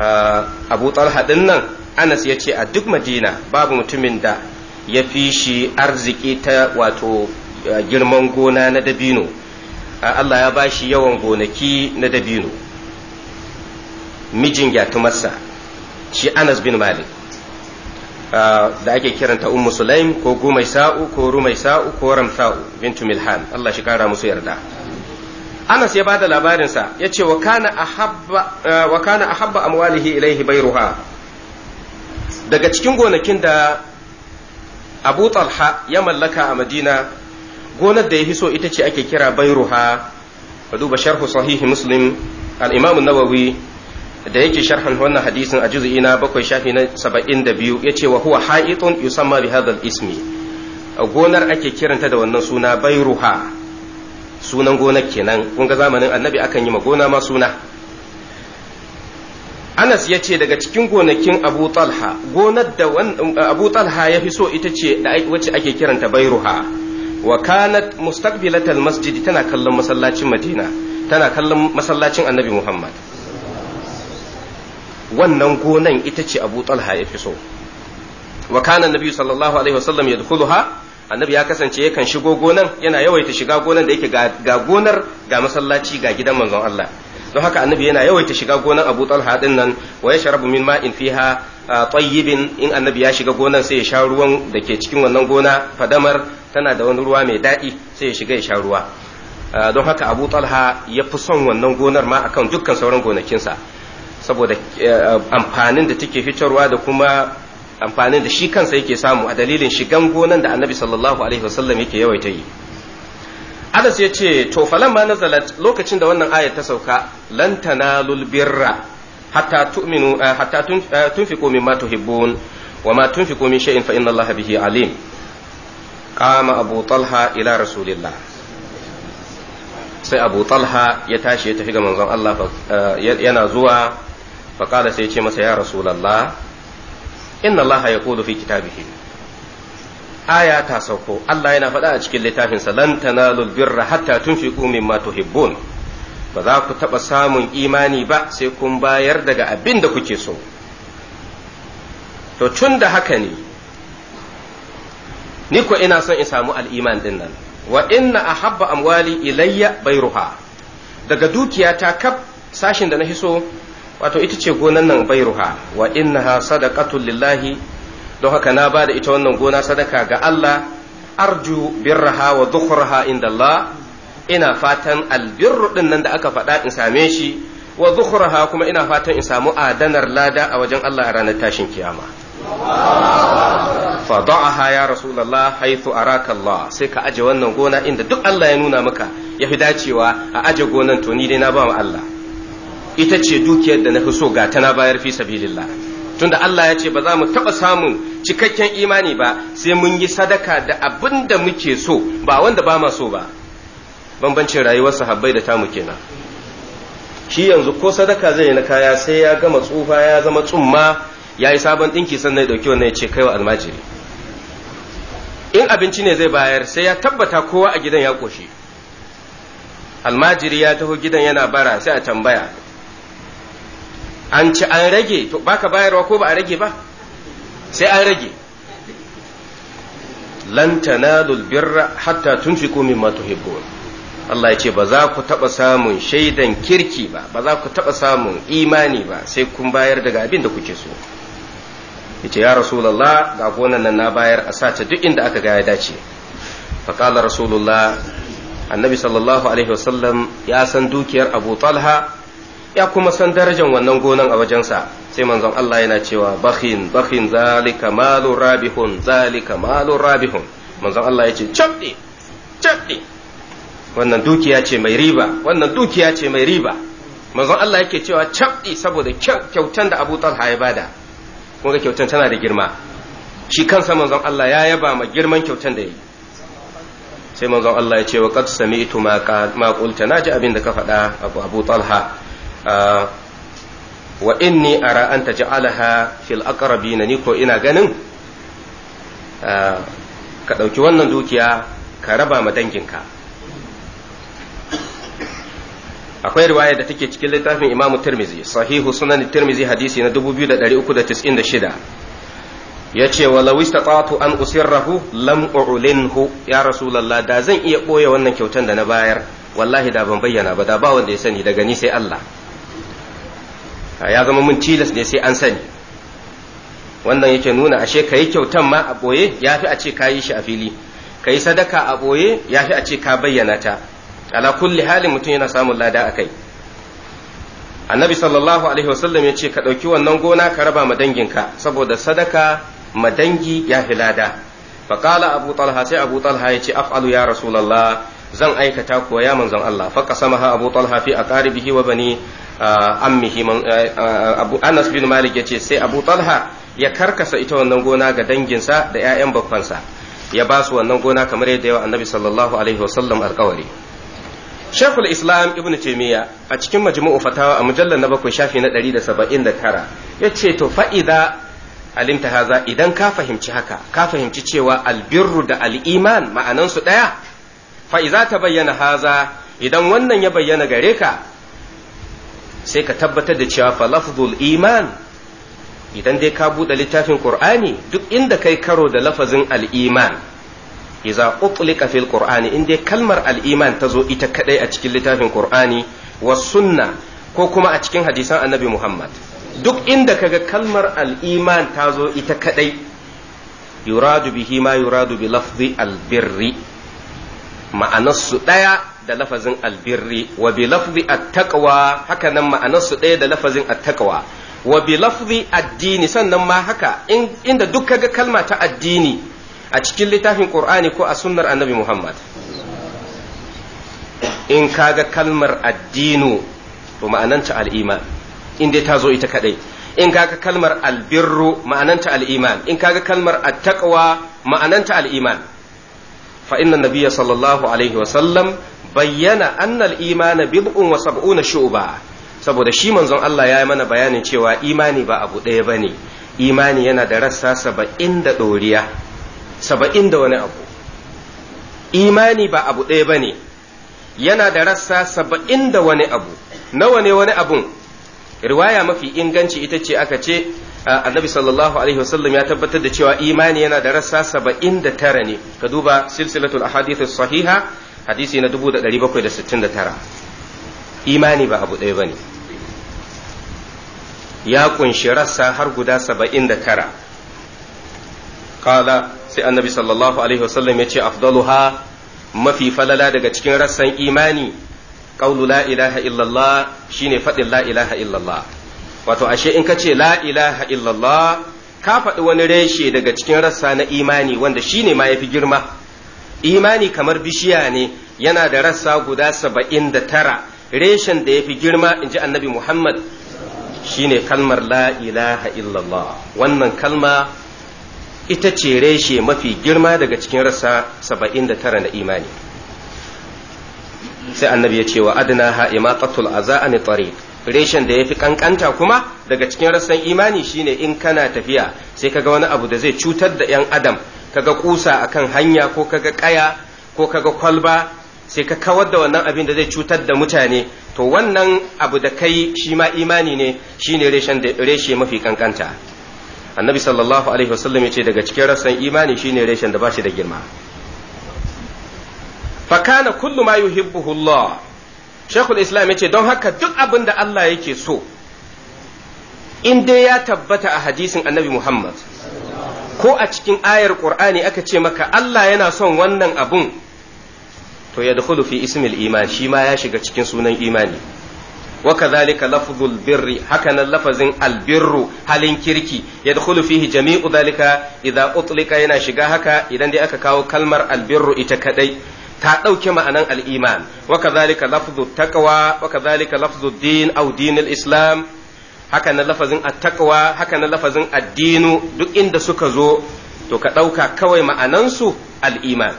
ah, abu talha din nan anas ya ce a duk madina babu mutumin da ya fi shi arziki ta wato ah, girman gona na dabino ah, allah ya ba shi yawan gonaki na dabino mijin gyatumarsa shi anas bin malik da ake kiranta ummu sulaim ko gumai sa'u ko rumai sa'u ko sa'u bintu milhan Allah shi kara musu yarda Anas ya bada labarinsa ya ce wa kana a habba amwalihi ilaihi bairuha daga cikin gonakin da abu talha ya mallaka a madina gonar da ya fi so ita ce ake kira bairuha ka duba sharhu sahihi muslim al-imam nawawi da yake sharhan wannan hadisin a juz'i na bakwai shafi na saba'in da biyu ya ce wa huwa ha'itun yusamma bi hadal ismi A gonar ake kiranta da wannan suna bairuha sunan gonar kenan kun ga zamanin annabi akan yi ma gona ma suna Anas ya ce daga cikin gonakin Abu Talha gonar da Abu Talha ya fi so ita ce da wacce ake kiranta bairuha wa kanat mustaqbilatal masjid tana kallon masallacin Madina tana kallon masallacin Annabi Muhammad wannan gonan ita ce abu talha ya fi so wa kana nabi sallallahu alaihi wasallam yadkhuluha annabi ya kasance yakan shigo gonan yana yawaita shiga gonan da yake ga gonar ga masallaci ga gidan manzon Allah don haka annabi yana yawaita shiga gonan Abu Talha din nan wa sharabu min ma'in fiha tayyibin in annabi ya shiga gonan sai ya sha ruwan da ke cikin wannan gona fadamar tana da wani ruwa mai daɗi sai ya shiga ya sha ruwa don haka Abu Talha ya fi son wannan gonar ma akan dukkan sauran gonakinsa saboda eh, amfanin da take fitarwa da kuma amfanin da shi kansa yake samu a dalilin shigan gonan da annabi sallallahu alaihi wasallam yake yawaita yi Anas ya ce to falamma nazalat lokacin da wannan aya ta sauka lan tanalul birra hatta tu'minu eh, hatta eh, tunfiqu mimma tuhibbun ma tunfiqu min shay'in fa inna Allaha bihi alim qama Abu Talha ila Rasulillah sai Abu Talha ya tashi ya tafi ga manzon Allah yana zuwa faƙala sai ce masa ya rasulallah inna allaha ya kudu fi kitabihi aya ta sauko Allah yana faɗa a cikin littafinsa lan tanalul birra hatta tunfiqu mimma tuhibbun ba za ku taɓa samun imani ba sai kun bayar daga abin da kuke so to tun da haka ne ni ko ina son in samu al'iman ɗin nan wa inna ahabba amwali ilayya bairuha daga dukiya ta kaf sashin da na hiso wato ita ce gonan nan bai wa innaha sadaqatul lillahi don haka na ba da ita wannan gona sadaka ga Allah arju birraha wa dhukhraha inda Allah ina fatan albirru din nan da aka faɗa in same shi wa dhukhraha kuma ina fatan in samu adanar lada a wajen Allah a ranar tashin kiyama fada'aha ya rasulullah haythu araka Allah sai ka aje wannan gona inda duk Allah ya nuna maka ya fi dacewa a aje gonan to ni dai na ba Allah ita ce dukiyar da na fi so ga tana bayar fi sabilillah tunda Allah ya ce ba za mu taɓa samun cikakken imani ba sai mun yi sadaka da abinda muke so ba wanda ba ma so ba bambancin rayuwar sahabbai da tamu kenan shi yanzu ko sadaka zai yi na kaya sai ya gama tsufa ya zama tsumma ya yi sabon ɗinki sannan ya ɗauki wannan ya ce kaiwa almajiri in abinci ne zai bayar sai ya tabbata kowa a gidan ya ƙoshi almajiri ya taho gidan yana bara sai a tambaya an ci an rage to baka bayarwa ko ba a rage ba sai an rage lan tanalul birra hatta tunfiqu mimma tuhibbun Allah ya ce ba za ku taɓa samun shaidan kirki ba ba za ku taɓa samun imani ba sai kun bayar daga abin da kuke so yace ya rasulullah ga gonan nan na bayar a sace duk inda aka ga ya dace fa qala rasulullah annabi sallallahu alaihi wasallam ya san dukiyar abu talha ya kuma san darajar wannan gonan a wajensa sai manzon Allah yana cewa bakhin bakhin zalika malu rabihun zalika malu rabihun manzon Allah ya ce chaddi cabde wannan dukiya ce mai riba wannan dukiya ce mai riba manzon Allah yake cewa chaddi saboda kyautan da Abu Talha ya bada kuma ga kyautan tana da girma shi kansa manzon Allah ya yaba ma girman kyautan da yi sai manzon Allah ya ce wa qad sami'tu ma qulta naji abin da ka faɗa Abu Talha wa inni ara an ja’alaha fil na ni ko ina ganin ka ɗauki wannan dukiya ka raba ma danginka akwai riwaya da take cikin littafin imamu tirmizi sahihu sunan tirmizi hadisi na 2396 ya ce walau istata'tu an usirrahu lam u'linhu ya rasulullah da zan iya ɓoye wannan kyautan da na bayar wallahi da ban bayyana ba da ba wanda ya sani daga ni sai Allah ya zama mun tilas ne sai an sani wannan yake nuna ashe ka yi kyautan ma a ɓoye ya fi a ce ka yi shi a fili ka yi sadaka a ɓoye ya fi a ce ka bayyana ta ala kulli halin mutum yana samun lada a kai annabi sallallahu alaihi wasallam ya ce ka ɗauki wannan gona ka raba ma danginka saboda sadaka madangi dangi ya fi lada faƙala abu talha sai abu talha ya ce af'alu ya rasulallah zan aikata kuwa ya manzon Allah faƙa sama ha abu talha fi a ƙaribihi wa bani ammihi abu anas bin malik yace sai abu talha ya karkasa ita wannan gona ga danginsa da 'ya'yan bakwansa ya ba su wannan gona kamar yadda yawa annabi sallallahu alaihi wasallam alkawari shekul islam ibn taimiyya a cikin majmu'u fatawa a mujallar na bakwai shafi na 179 ya ce to fa'ida alimta haza idan ka fahimci haka ka fahimci cewa albirru da al'iman ma'anansu ɗaya fa'iza ta bayyana haza idan wannan ya bayyana gare ka sai ka tabbatar da cewa fa lafzul iman idan dai ka buɗe littafin qur'ani duk inda kai karo da lafazin al-iman idza utlika fil qur'ani in dai kalmar al-iman ta zo ita kadai a cikin littafin qur'ani was sunna ko kuma a cikin hadisan annabi muhammad duk inda kaga kalmar al-iman ta zo ita kadai yuradu bihi ma yuradu bi lafzi al-birri ma'anarsu daya da lafazin albirri wa bi lafzi attaqwa haka nan ma'anarsu ɗaya da lafazin attaqwa wa bi lafzi addini sannan ma haka inda duk kaga kalma ta addini a cikin littafin qur'ani ko a sunnar annabi muhammad in kaga kalmar addinu to ma'ananta al'iman in dai ta zo ita kadai in kaga kalmar albirru ma'ananta al'iman in kaga kalmar attaqwa ma'ananta al'iman fa inna nabiyya sallallahu alaihi wa sallam bayyana annal imana bid'un wa sab'una shu'ba saboda shi manzon Allah ya yi mana bayanin cewa imani ba abu ɗaya bane imani yana da rassa saba'in da ɗoriya saba'in da wani abu imani ba abu ɗaya bane yana da rassa saba'in da wani abu nawa ne wani abun riwaya mafi inganci ita ce aka ce annabi sallallahu alaihi wasallam ya tabbatar da cewa imani yana da rassa saba'in da tara ne ka duba silsilatul ahadithu sahiha hadisi na dubu da bakwai da sittin da tara imani ba abu ɗaya ba ne ya kunshi rassa har guda saba'in da tara kala sai annabi sallallahu alaihi wasallam ya ce afdaluha mafi falala daga cikin rassan imani ƙaulu la ilaha illallah shine faɗin la ilaha illallah wato ashe in ka ce la ilaha illallah ka faɗi wani reshe daga cikin rassa na imani wanda shi ne ma ya fi girma imani kamar bishiya ne yana da rassa guda saba'in da tara reshen da ya fi girma in ji annabi muhammad ne kalmar la ilaha illallah wannan kalma ita ce reshe mafi girma daga cikin rassa saba'in da tara na imani sai annabi ya ce wa adana ha imaqatul aza ni tariq reshen da ya fi kankanta kuma daga cikin rassan imani shine in kana tafiya sai kaga wani abu da zai cutar da 'yan adam kaga kusa akan hanya ko kaga kaya ko kaga kwalba sai ka kawar da wannan abin da zai cutar da mutane to wannan abu da kai shi ma imani ne shine reshen da reshe mafi kankanta annabi sallallahu alaihi wasallam yace daga cikin rassan imani shine reshen da ba shi da girma fa kana kullu ma yuhibbuhu Allah shekul islam ya ce don haka duk abin da Allah yake so in dai ya tabbata a hadisin annabi muhammad ko a cikin ayar Kur'ani aka ce maka Allah yana son wannan abun to ya fi ismil iman shi ma ya shiga cikin sunan imani wa kadhalika lafzul birri hakanan lafazin albirru halin kirki ya fihi jami'u zalika idan utlika yana shiga haka idan dai aka kawo kalmar albirru ita kadai ta ɗauke ma'anan al'iman wa kadhalika lafzu taqwa wa kadhalika lafzu din dinil islam haka na lafazin at haka na lafazin addinu duk inda suka zo to ka ɗauka kawai ma'anansu al'iman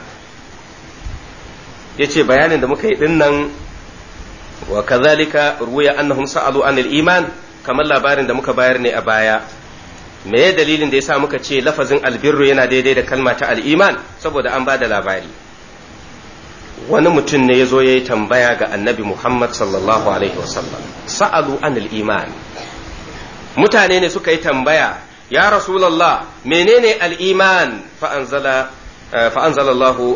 yace bayanin da muka yi nan wa kadhalika ruwiya annahum sa'alu anil iman kamar labarin da muka bayar ne a baya me ya dalilin da yasa muka ce lafazin albirru yana daidai da kalma ta al'iman saboda an ba da labari wani mutum ne ya zo ya yi tambaya ga annabi Muhammad sallallahu Alaihi wasallam sa'adu anil iman mutane ne suka yi tambaya ya rasulallah menene al'iman fa'anzala eh,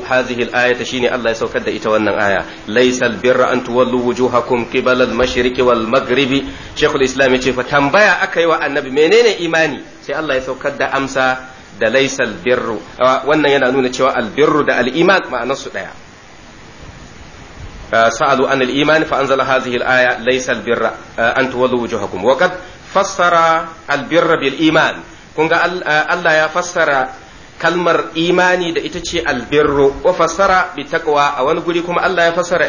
hazihi al'ayata shi ne Allah ya saukar da ita wannan aya laisal birra an tuwallu wujuhakum qibala al-mashriqi wal maghribi shekul islam ya ce fa tambaya aka yi wa annabi menene imani sai Allah ya saukar da amsa da laisal birru wannan yana nuna cewa albirru da al'iman ma'anarsu ɗaya sa'alu an al-iman fa anzala hadhihi al-aya laysa al-birra an tuwallu wujuhakum wa qad fassara al-birra kun ga Allah ya fassara kalmar imani da ita ce albirru wa fassara bi taqwa a wani guri kuma Allah ya fassara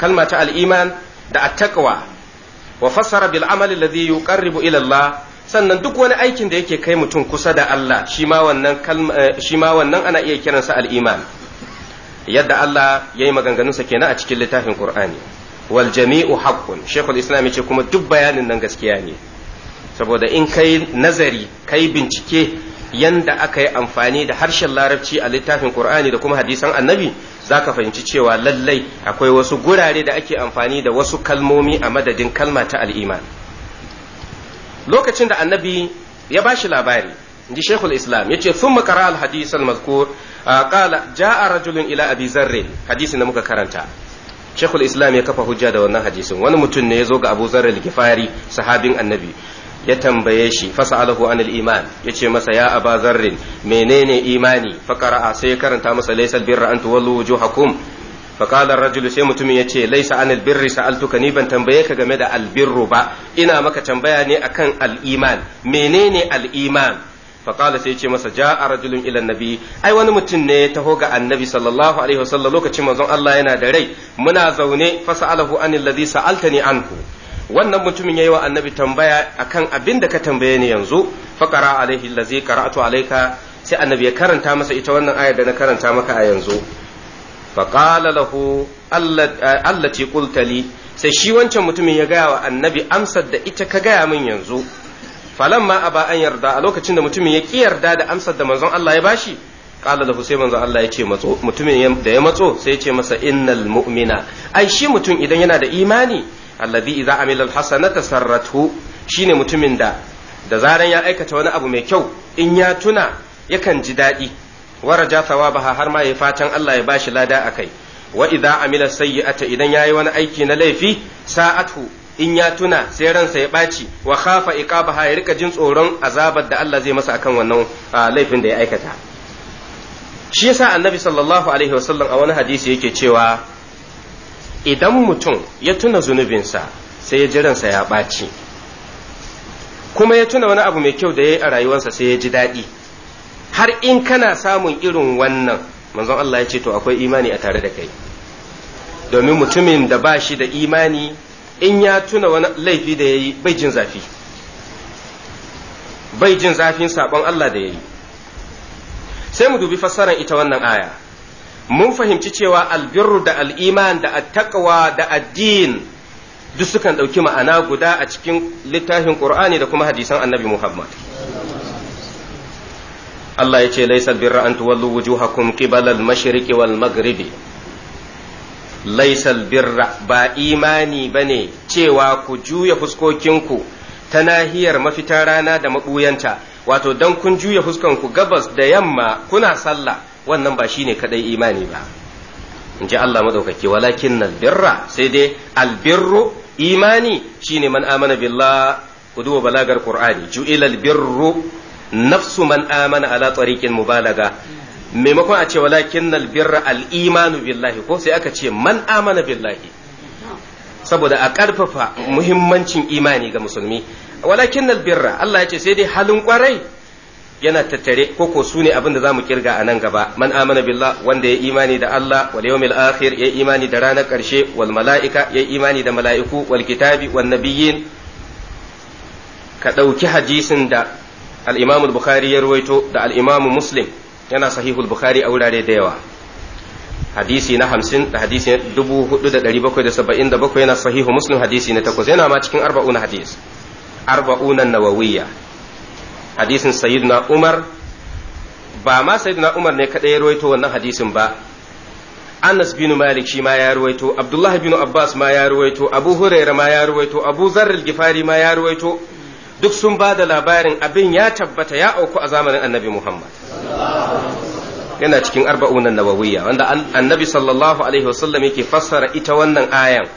kalma ta al-iman da at-taqwa wa fassara bil amali alladhi yuqarribu sannan duk wani aikin da yake kai mutum kusa da Allah shima wannan ana iya kiransa al-iman yadda Allah ya yi maganganunsa kenan a cikin littafin Qur'ani wal jami'u haqqun shekul islam ce kuma duk bayanin nan gaskiya ne saboda in kai nazari kai bincike yanda aka yi amfani da harshen larabci a littafin Qur'ani da kuma hadisan annabi zaka fahimci cewa lallai akwai wasu gurare da ake amfani da wasu kalmomi a madadin kalma ta al'iman lokacin da annabi ya bashi labari ji shekul islam ya ce sun makara alhadis almazkur kala ja'a rajulun ila abi hadisin da muka karanta shekul islam ya kafa hujja da wannan hadisin wani mutum ne ya zo ga abu zarrin gifari sahabin annabi ya tambaye shi fasa fasa'alahu anil iman ya ce masa ya aba zarrin menene imani fakara'a sai ya karanta masa laysal birra an tuwallu wujuhakum فقال الرجل sai mutumin ya ce laisa anil birri sa'altuka ni ban tambaye ka game da albirru ba ina maka tambaya ne akan al'iman menene al'iman faƙala sai ce masa ja a rajulun ilan nabi ai wani mutum ne ya taho ga annabi sallallahu alaihi wasallam lokacin manzon Allah yana da rai muna zaune fasa'alahu anil Alta sa'altani anhu wannan mutumin yayi wa annabi tambaya akan abin da ka tambaye ni yanzu faqara alaihi allazi qara'tu alayka sai annabi ya karanta masa ita wannan ayar da na karanta maka a yanzu faqala lahu allati qultali sai shi wancan mutumin ya gaya wa annabi amsar da ita ka gaya min yanzu Falan ma a ba an yarda a lokacin da mutumin ya ki yarda da amsar da manzon Allah ya bashi kala da sai manzon Allah ya ce matso mutumin da ya matso sai ya ce masa innal mu'mina ai shi mutum idan yana da imani alladhi idza amila alhasanata sarrathu shine mutumin da da zaran ya aikata wani abu mai kyau in ya tuna yakan ji daɗi waraja thawabaha har ma ya fatan Allah ya bashi lada akai wa idza amila sayyi'ata idan yayi wani aiki na laifi sa'atu in ya tuna sai ransa ya ɓaci wa khafa iqabaha ya rika jin tsoron azabar da Allah zai masa akan wannan laifin da ya aikata shi yasa annabi sallallahu alaihi wasallam a wani hadisi yake cewa idan mutum ya tuna zunubinsa sai ya ji ransa ya ɓaci kuma ya tuna wani abu mai kyau da ya yi a rayuwarsa sai ya ji daɗi har in kana samun irin wannan manzon Allah ya ce to akwai imani a tare da kai domin mutumin da ba shi da imani in ya tuna wani laifi da ya yi bai jin zafi bai jin zafin sabon Allah da ya yi sai mu dubi fassarar ita wannan aya mun fahimci cewa albirru da al'iman da attaqwa da addin duk sukan ɗauki ma'ana guda a cikin littafin ƙur'ani da kuma hadisan annabi muhammad Allah ya ce laisal birra an tuwallu wujuhakum qibala al-mashriqi wal maghribi laisal birra ba imani bane cewa ku juya fuskokinku ta nahiyar mafitar rana da maɓuyanta wato dan kun juya ku gabas da yamma kuna sallah wannan ba shine kadai imani ba in ji Allah maɗaukaki walakin birra sai dai albirru imani shine man amana billah ku balagar qur'ani ju'ilal birru nafsu man amana ala tariqin mubalaga maimakon a ce walakin nal birra al imanu billahi ko sai aka ce man amana billahi saboda a ƙarfafa muhimmancin imani ga musulmi walakin nal birra Allah ya ce sai dai halin kwarai yana tattare ko ko su ne abin da za mu kirga a nan gaba man amana billah wanda ya imani da Allah wal yawmil akhir ya imani da ranar karshe wal malaika ya imani da mala'iku wal kitabi wan nabiyyin ka ɗauki hadisin da al-Imam al-Bukhari ya ruwaito da al-Imam Muslim yana sahihul bukhari a wurare da yawa hadisi na hamsin da hadisi dubu hudu da dari bakwai da saba'in da bakwai yana sahihu muslim hadisi na takwas yana ma cikin arba'una hadis arba'unan nawawiyya hadisin na umar ba ma na umar ne kadai ya ruwaito wannan hadisin ba Anas bin Malik shi ma ya ruwaito, Abdullahi bin Abbas ma ya ruwaito, Abu Huraira ma ya ruwaito, Abu Zarril Gifari ma ya ruwaito, duk sun ba da labarin abin ya tabbata ya auku a zamanin annabi Muhammad. Yana cikin arba'unan nawawiyya wanda annabi sallallahu alaihi wasallam yake fassara ita wannan ayan.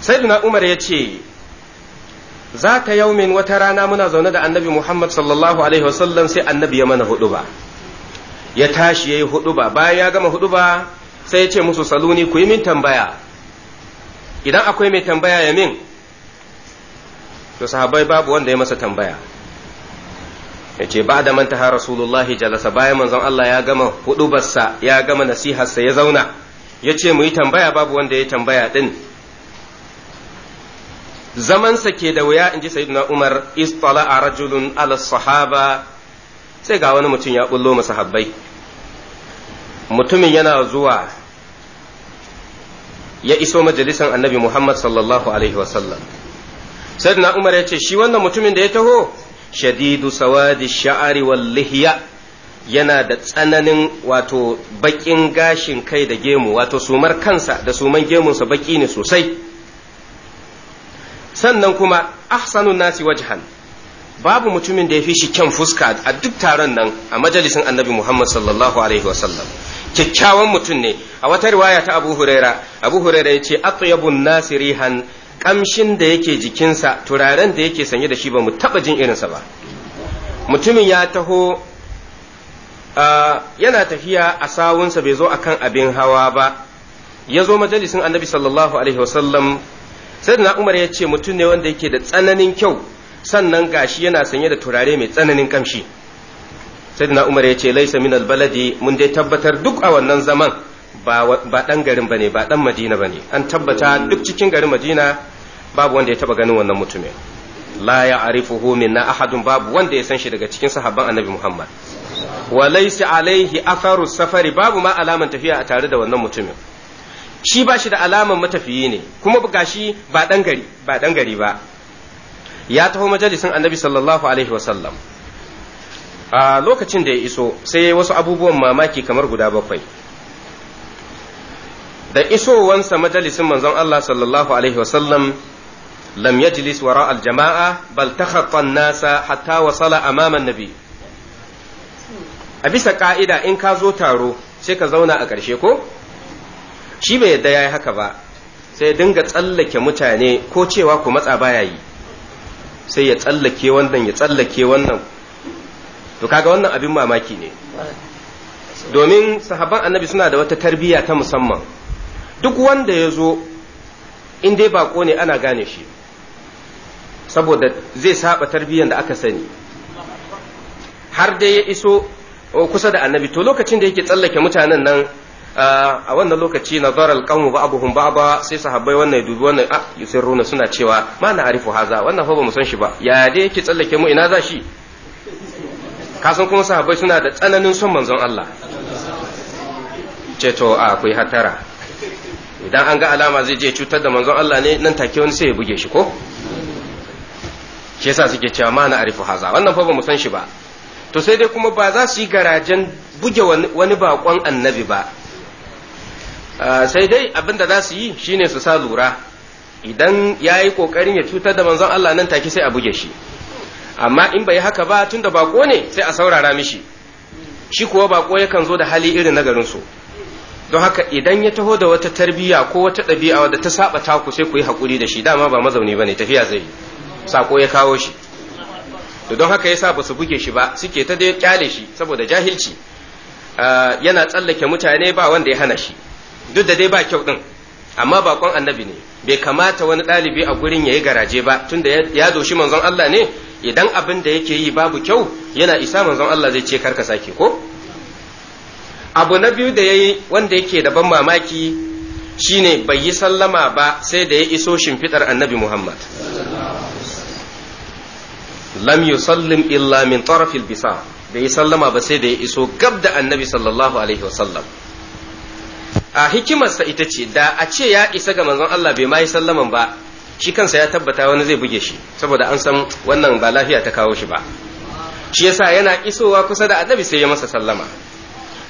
Saidina Umar ya ce, Za ka yaumin wata rana muna zaune da annabi Muhammad sallallahu alaihi wasallam sai annabi ya mana huduba. Ya tashi ya yi huduba. bayan ya gama huduba sai ya ce musu saluni ku yi min tambaya. Idan akwai mai tambaya ya min, to sahabbai babu wanda ya masa tambaya ya ce ba da mantaha rasulullahi jalasa bayan manzon Allah ya gama hudubarsa ya gama sa ya zauna ya ce mu yi tambaya babu wanda ya tambaya din zamansa ke da wuya in ji sayyidina umar a rajulun ala sahaba sai ga wani mutum ya bullo masahabbai mutumin yana zuwa ya iso majalisan annabi muhammad sallallahu alaihi wasallam sayyidina umar ya ce shi wannan mutumin da ya taho shadidu sawadi sha'ari wal lihiya yana da tsananin wato bakin gashin kai da gemu wato sumar kansa da suman gemunsa baki ne sosai sannan kuma ahsanun nasi wajhan babu mutumin da ya fi shi kyan fuska a duk taron nan a majalisin annabi muhammad sallallahu alaihi wasallam kyakkyawan mutum ne a wata riwaya ta abu huraira abu huraira ya ce atyabun nasi rihan kamshin da yake jikinsa turaren da yake sanye da shi ba mu taba jin irinsa ba mutumin ya taho yana tafiya a sawunsa bai zo akan abin hawa ba ya zo majalisin annabi sallallahu alaihi wasallam sai na umar ya ce mutum ne wanda yake da tsananin kyau sannan gashi yana sanye da turare mai tsananin kamshi sai na umar ya ce laisa min albaladi mun dai tabbatar duk a wannan zaman ba ɗan garin ba ne ba ɗan madina ba ne an tabbata duk cikin garin madina babu wanda ya taba ganin wannan mutumin la ya arifuhu minna ahadun babu wanda ya san shi daga cikin sahabban annabi muhammad wa laysa alaihi atharu safari babu ma alaman tafiya a tare da wannan mutumin shi ba shi da alaman matafiyi ne kuma ga shi ba ɗan gari ba ɗan gari ba ya taho majalisin annabi sallallahu alaihi sallam a lokacin da ya iso sai wasu abubuwan mamaki kamar guda bakwai da isowansa majalisin manzon Allah sallallahu alaihi wasallam lam yajlis wara al-jama'a bal takhatta an-nasa hatta wasala amama an-nabi a bisa ka'ida in ka zo taro sai ka zauna a ƙarshe ko shi bai yadda yayi haka ba sai dinga tsallake mutane ko cewa ku matsa baya yi sai ya tsallake wannan ya tsallake wannan to kaga wannan abin mamaki ne domin sahabban annabi suna da wata tarbiyya ta musamman duk wanda ya zo in dai bako ne ana gane shi saboda zai saba tarbiyyar da aka sani har dai ya iso kusa da annabi to lokacin da yake tsallake mutanen nan a wannan lokaci na zarar kanmu ba abuhun ba ba sai sahabbai wannan ya dubi wannan a ah, runa suna cewa ma na arifu haza wannan fa ba mu san shi ba ya dai yake tsallake mu ina za shi kasan kuma sahabbai suna da tsananin son manzon Allah ceto to akwai hatara idan an ga alama zai je cutar da manzon Allah ne nan take wani sai ya buge shi ko shi yasa suke cewa ma na arifu haza wannan fa ba mu san shi ba to sai dai kuma ba za su yi garajen buge wani bakon annabi ba ah, sai dai abin da za su yi shine su sa lura idan ya yi kokarin ya cutar da manzon Allah nan take sai a buge shi amma in bai haka ba tunda bako ne sai a saurara mishi shi kuwa bako yakan zo da hali irin na garin su don haka idan ya taho da wata tarbiyya ko wata ɗabi'a wadda ta saba taku sai ku yi haƙuri da shi dama ba mazauni ne tafiya zai yi sako ya kawo shi to don haka yasa ba su buge shi ba suke ta da kyale shi saboda jahilci ah, yana tsallake mutane ba wanda ya hana shi duk da dai ba kyau din amma baƙon annabi ne bai kamata wani ɗalibi a gurin ya yi garaje ba tun da ya doshi manzon Allah ne idan abin da yake yi babu kyau yana isa manzon Allah zai ce karka sake ko abu na biyu da ya yi wanda yake da ban mamaki shine bai yi sallama ba sai da ya iso shimfiɗar annabi muhammad lam yusallim illa min tarafil bisa bai yi sallama ba sai da ya iso gab da annabi sallallahu alaihi wasallam a hikimarsa ita ce da a ce ya isa ga manzon Allah bai ma yi sallaman ba shi kansa ya tabbata wani zai buge shi saboda an san wannan ba lafiya ta kawo shi ba shi yasa yana isowa kusa da annabi sai ya masa sallama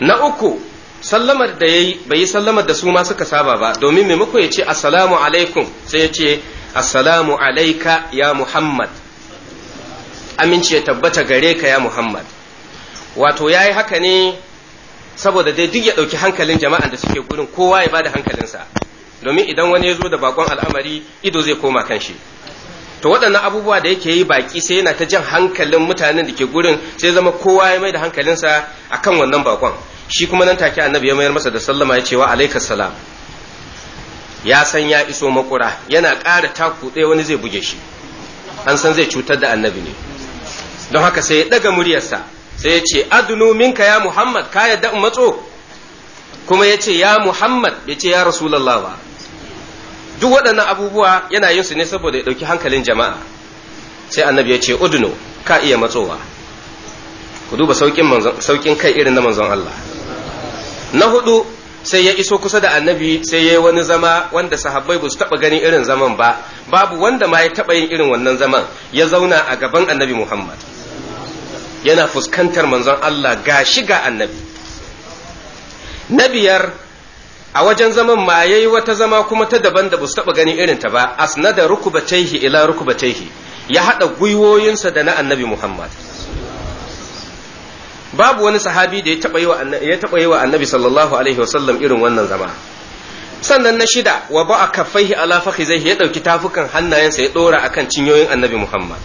na uku sallamar da yayi bai yi sallamar da su ma suka saba ba domin maimako ya ce assalamu alaikum sai ya ce assalamu alaika ya muhammad aminci ya tabbata gare ka ya muhammad wato yayi haka ne saboda dai duk ya ɗauki hankalin jama'an da suke gurin kowa ya bada hankalinsa domin idan wani ya zo da bakon al'amari ido zai koma kan shi to waɗannan abubuwa da yake yi baki sai yana ta jan hankalin mutanen da ke gurin sai zama kowa ya mai da hankalinsa kan wannan bakon shi kuma nan take annabi ya mayar masa da sallama ya ce wa alaika salam ya san ya iso makura yana ƙara taku ɗaya wani zai buge shi an san zai cutar da annabi ne don haka sai ya ɗaga muryarsa sai ya ce adunu minka ya muhammad ka yadda in matso kuma ya ce ya muhammad ya ce ya rasulallah ba duk waɗannan abubuwa yana yin su ne saboda ya ɗauki hankalin jama'a sai annabi ya ce udunu ka iya matsowa ku duba saukin kai irin na manzon Allah na hudu sai ya iso kusa da annabi sai ya yi wani zama wanda sahabbai ba su taɓa ganin irin zaman ba babu wanda ma ya taɓa yin irin wannan zaman ya zauna a gaban annabi Muhammad yana fuskantar manzon Allah ga shiga annabi na biyar a wajen zaman ma yayi wata zama kuma ta daban da basu taba gani irin ta ba asnada rukubataihi ila rukubataihi ya haɗa gwiwoyinsa da na annabi Muhammad babu wani sahabi da ya taba yi wa annabi sallallahu alaihi wasallam irin wannan zama sannan na shida wa a kafaihi ala fakhizaihi ya ɗauki tafukan hannayensa ya dora akan cinyoyin annabi Muhammad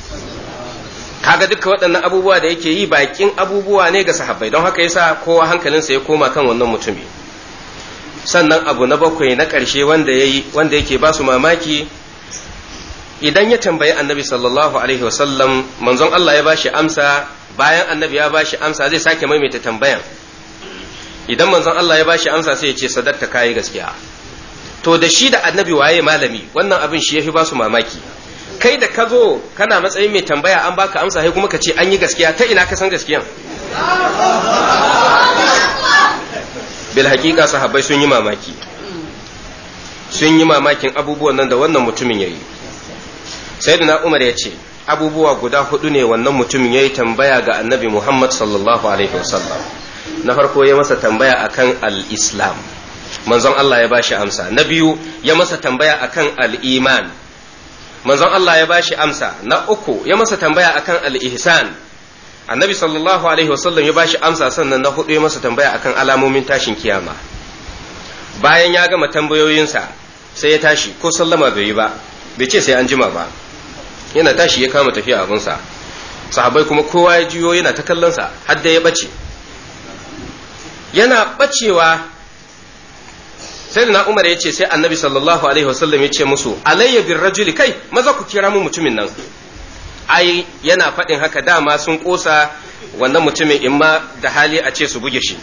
kaga duka waɗannan abubuwa da yake yi bakin abubuwa ne ga sahabbai don haka yasa kowa hankalinsa ya koma kan wannan mutumin. sannan abu na bakwai na ƙarshe wanda ya yi yake ba su mamaki idan ya tambayi annabi sallallahu alaihi wasallam manzon Allah ya bashi amsa bayan annabi ya bashi amsa zai sake maimaita tambayan idan manzon Allah ya bashi amsa sai ya ce sadarta kayi gaskiya to da shi da annabi waye malami wannan abin shi yafi ba su mamaki kai da ka zo kana matsayin mai tambaya an baka amsa sai kuma ka ce an yi gaskiya ta ina ka san gaskiyan bil haƙiƙa sahabbai sun yi mamaki sun yi mamakin abubuwan nan da wannan mutumin ya yi sayyidina umar ya ce abubuwa guda hudu ne wannan mutumin ya yi tambaya ga annabi muhammad sallallahu alaihi wasallam na farko ya masa tambaya akan al-islam manzon Allah ya bashi amsa na biyu ya masa tambaya akan al-iman manzon Allah ya bashi amsa na uku ya masa tambaya akan al-ihsan annabi sallallahu alaihi wasallam ya bashi amsa sannan na hudu ya masa tambaya akan alamomin tashin kiyama bayan ya gama tambayoyinsa sai ya tashi ko sallama bai yi ba bai ce sai an jima ba yana tashi ya kama tafiya abunsa. sahabai kuma kowa ya juyo yana ta sa har da ya bace yana bacewa sai na umar ya ce sai annabi sallallahu alaihi wasallam ya ce musu alayya bir rajuli kai maza ku kira mu mutumin nan ai yana faɗin haka dama sun ƙosa wannan mutumin in ma da hali a ce su buge shi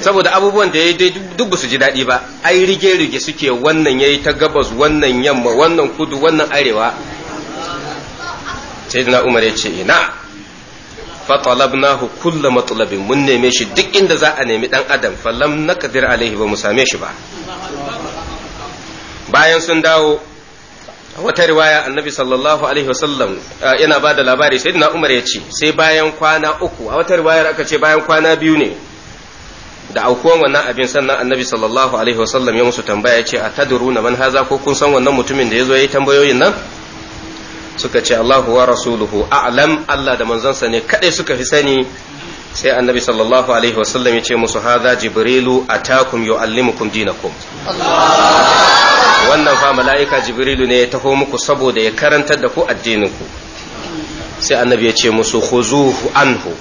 saboda abubuwan da ya dai duk su ji daɗi ba ai rige rige suke wannan ya yi ta gabas wannan yamma wannan kudu wannan arewa na umar ya ce ina fatalabnahu kulla matulabin mun neme shi duk inda za a nemi ɗan adam na Kadir alaihi ba mu same shi ba bayan sun dawo wata riwaya annabi sallallahu alaihi wasallam uh, yana ba da labari sai na umar ya ce sai bayan kwana uku a wata riwayar aka ce bayan kwana biyu ne da aukuwan wannan abin sannan annabi sallallahu alaihi wasallam ya musu tambaya ya ce a tadruna man haza ko kun san wannan mutumin da ya zo ya yi tambayoyin nan suka ce Allahu wa rasuluhu a'lam Allah da manzansa ne kadai suka fi sani sai annabi sallallahu alaihi wasallam ya ce musu haza jibrilu atakum yu'allimukum dinakum wannan fa mala'ika jibrilu ne ya taho muku saboda ya karantar da ku addininku sai annabi ya ce musu khuzuhu anhu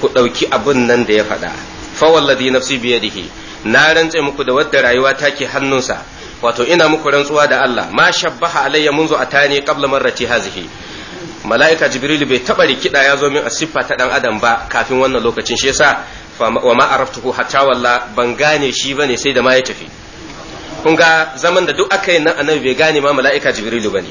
ku ɗauki abin nan da ya faɗa fa wallazi nafsi biyadihi na rantse muku da wadda rayuwa take hannunsa wato ina muku rantsuwa da Allah ma shabbaha alayya munzu atani qabla marrati hazihi mala'ika Jibrilu bai taba rikida ya zo min a siffa ta dan adam ba kafin wannan lokacin shi yasa wa ma araftuhu hatta walla ban gane shi bane sai da ma ya tafi kun ga zaman da duk aka yi nan annabi bai gane ma mala'ika ba ne.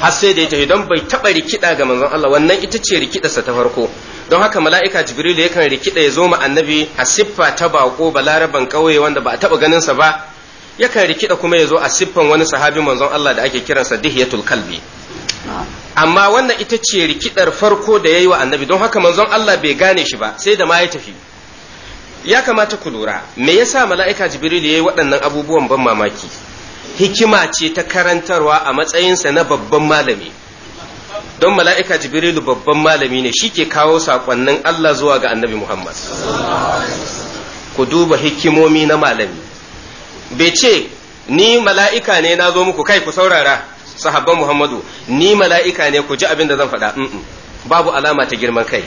har sai da ya tafi don bai taba rikida ga manzon Allah wannan ita ce sa ta farko don haka mala'ika jibril yakan rikida ya zo ma annabi a siffa ta bako balaraban kauye wanda ba a taba ganin sa ba yakan rikida kuma ya zo a siffan wani sahabi manzon Allah da ake kiransa dihiyatul kalbi amma wannan ita ce rikidar farko da ya yi wa annabi don haka manzon Allah bai gane shi ba sai da ma ya tafi ya kamata ku lura me yasa mala'ika jibril ya yi waɗannan abubuwan ban mamaki hikima ce ta karantarwa a matsayinsa na babban malami don mala'ika jibrilu babban malami ne shi ke kawo saƙonnin Allah zuwa ga annabi Muhammad ku duba hikimomi na malami bai ce ni mala'ika ne na zo muku kai ku saurara sahabban Muhammadu ni mala'ika ne ku ji abin da zan faɗa babu alama ta girman kai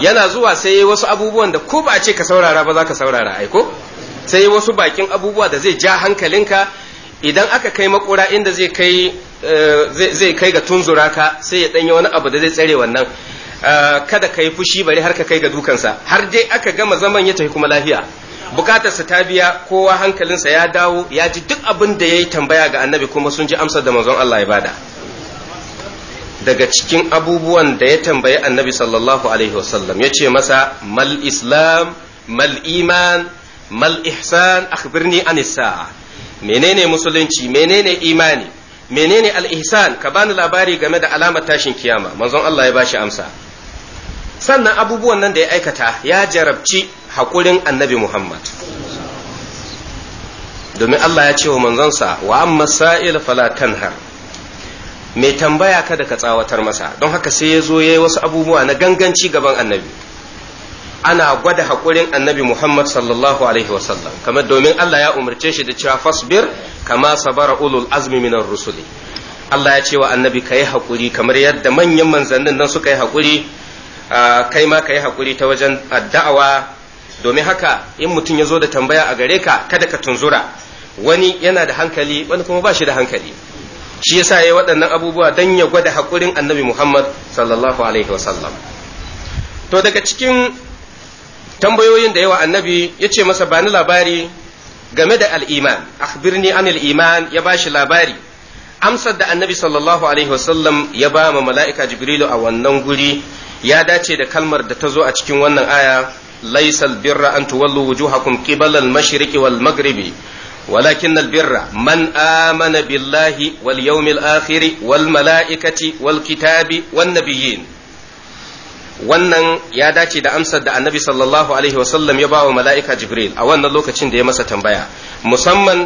yana zuwa sai wasu abubuwan da ko ba ce ka saurara ba za ka saurara aiko sai wasu bakin abubuwa da zai ja hankalinka idan aka kai makura inda zai kai eh, zai kai ga tunzura ka sai ya danyi wani abu da zai tsare wannan eh, kada ka yi fushi bari har ka kai ga dukansa har dai aka gama zaman ya tafi kuma lafiya bukatarsa ta biya kowa hankalinsa ya dawo ya ji duk abin da ya yi tambaya ga annabi kuma sun ji amsar da manzon Allah ya bada daga cikin abubuwan da ya tambayi annabi sallallahu alaihi wasallam ya ce masa mal islam mal iman mal ihsan akhbirni an sa'a menene musulunci menene imani menene al ihsan ka bani labari game da alamar tashin kiyama manzon Allah ya bashi amsa sannan abubuwan nan da ya aikata ya jarabci haƙurin annabi Muhammad. Domin Allah ya ce wa manzonsa wa amma sa'il falatan har. mai tambaya ka da ka tsawatar masa don haka sai ya zo ya yi wasu abubuwa na ganganci gaban annabi. Ana gwada haƙurin annabi Muhammad sallallahu Alaihi wasallam kamar domin Allah ya umarce shi da cewa fasbir kama sabara ulul azmi minar rusuli. Allah ya ce wa annabi ka yi haƙuri kamar yadda manyan manzannin nan suka yi haƙuri kai ma ka yi haƙuri ta wajen adda'awa domin haka in mutum ya zo da tambaya a gare ka kada ka tunzura wani yana da hankali wani kuma ba shi da hankali shi yasa ya waɗannan abubuwa dan ya gwada haƙurin annabi muhammad sallallahu alaihi wasallam to daga cikin tambayoyin da yawa annabi ya ce masa bani labari game da al'iman akhbirni anil iman ya bashi labari amsar da annabi sallallahu alaihi wasallam ya ba ma mala'ika jibrilu a wannan guri ya dace da kalmar da ta zo a cikin wannan aya laisal birra an tuwallu wujuhakum qibala al-mashriqi wal maghribi ولكن البر من آمن بالله واليوم الآخر والملائكة والكتاب والنبيين wannan ya dace da amsar da annabi sallallahu alaihi wasallam ya bawa mala'ika jibril a wannan lokacin da ya masa tambaya musamman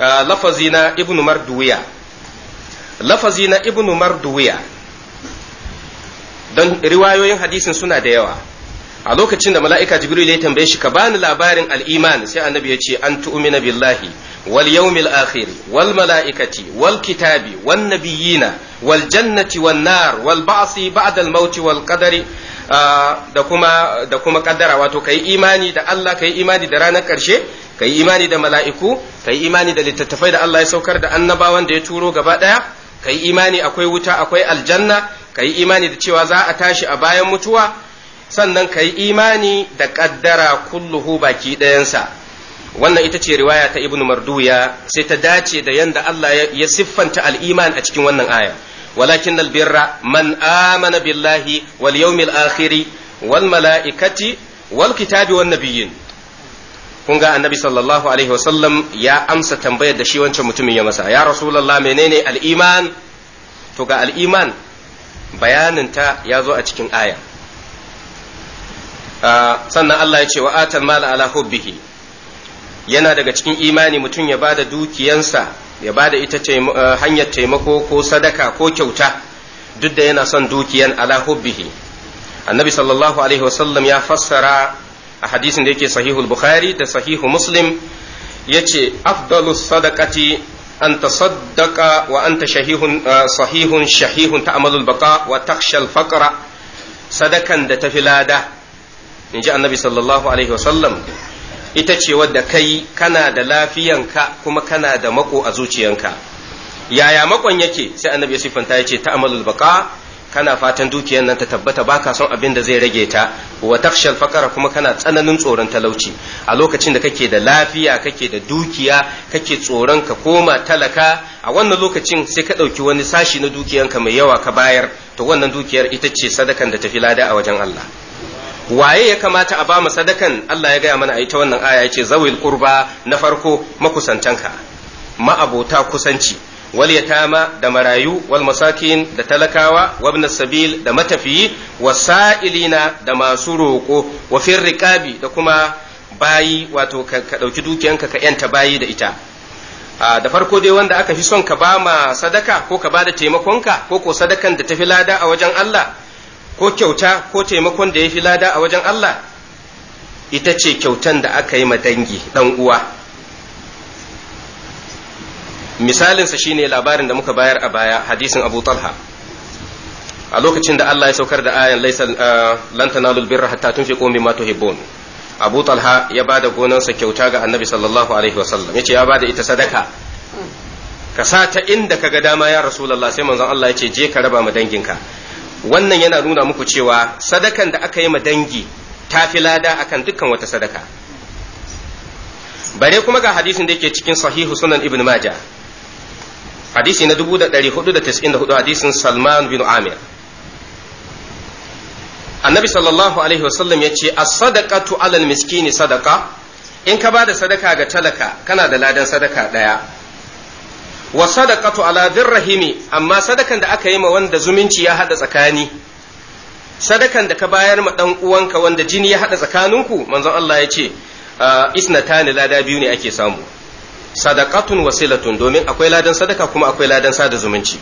uh, lafazi na ibn marduya lafazi na ibnu marduwiya don riwayoyin hadisin suna da yawa a lokacin da mala'ika jibril ya tambaye shi ka bani labarin al'iman sai annabi ya ce an tu'mina billahi wal yawmil akhir wal mala'ikati wal kitabi wal nabiyina wal jannati wan nar wal ba'si ba'da al mauti wal qadari da kuma da kuma kaddara wato kai imani da Allah kai imani da ranar karshe kai imani da mala'iku kai imani da littattafai da Allah ya saukar da annabawan da ya turo gaba daya ka yi imani akwai wuta akwai aljanna ka yi imani da cewa za a tashi a bayan mutuwa sannan ka yi imani da ƙaddara kulluhu baki ɗayansa wannan ita ce riwaya ta ibnu marduya sai ta dace da yanda Allah ya siffanta al'iman a cikin wannan aya walakin albirra man amana billahi wal yawmil akhiri wal mala'ikati wal kitabi wan nabiyyin kun ga annabi sallallahu alaihi wasallam ya amsa tambayar da shi wancan mutumin ya masa ya rasulullah menene al'iman to ga al'iman bayanin ta ya zo a cikin aya ah, sannan Allah ya ce wa atal mala ala hubbihi yana daga cikin imani mutum ya bada dukiyansa ya bada ita ah, hanyar taimako ko sadaka ko kyauta duk da yana son dukiyan ala hubbihi annabi sallallahu alaihi wasallam ya fassara a hadisin da yake sahihul bukhari da sahihu muslim yace afdalus sadaqati an tasaddaqa wa anta shahihun uh, sahihun shahihun ta'malul baqa wa takhshal faqra sadakan da tafi lada inji annabi sallallahu alaihi wasallam ita ce wadda kai kana da lafiyanka kuma kana da mako a zuciyanka yaya makon yake sai annabi ya siffanta yace ta'malul baqa kana fatan dukiyar nan ta tabbata baka son abin da zai rage ta wa takshal fakara kuma kana tsananin tsoron talauci a lokacin da kake da lafiya kake da dukiya kake tsoron ka koma talaka a wannan lokacin sai ka ɗauki wani sashi na dukiyanka mai yawa ka bayar to wannan dukiyar ita ce sadakan da tafi lada a wajen Allah waye ya kamata a ba mu sadakan Allah ya gaya mana a ita wannan aya yace zawil qurba na farko makusantanka ma'abota kusanci wal yatama da marayu wal masakin da talakawa wabna sabil da matafiyi wasa'ilina da masu roƙo wa riqabi da kuma bayi wato ka ɗauki dukiyanka ka yanta bayi da ita da farko dai wanda aka fi son ka ba ma sadaka ko ka ba da taimakonka ko ko sadakan da tafi lada a wajen Allah ko kyauta ko taimakon da ya fi lada a wajen Allah ita ce kyautan da aka yi ma dangi ɗan uwa misalinsa shine labarin da muka bayar a baya hadisin abu talha a lokacin da Allah ya saukar da ayan laisa uh, lan tanalul birra hatta tunfiqu mimma tuhibbun abu talha ya bada gonarsa kyauta ga annabi sallallahu alaihi wasallam yace ya bada ita sadaka ka sa ta inda ka ga dama ya rasulullah sai manzon Allah yace je ka raba ma danginka wannan yana nuna muku cewa sadakan da aka yi ma dangi ta fi lada akan dukkan wata sadaka bare kuma ga hadisin da yake cikin sahihu sunan ibn majah hadisi na 1494 hadisin salman bin amir annabi sallallahu alaihi wasallam ya ce A sadakatu alal miskini sadaka in ka ba da sadaka ga talaka kana da ladan sadaka daya wa sadaqatu ala rahimi. amma sadakan da aka yi ma wanda zumunci ya haɗa tsakani sadakan da ka bayar ma ɗan uwanka wanda jini ya haɗa tsakaninku manzon Allah ya ce ah, isnatani lada biyu ne ake samu sadaqatun wasilatun domin akwai ladan sadaka kuma akwai ladan sada zumunci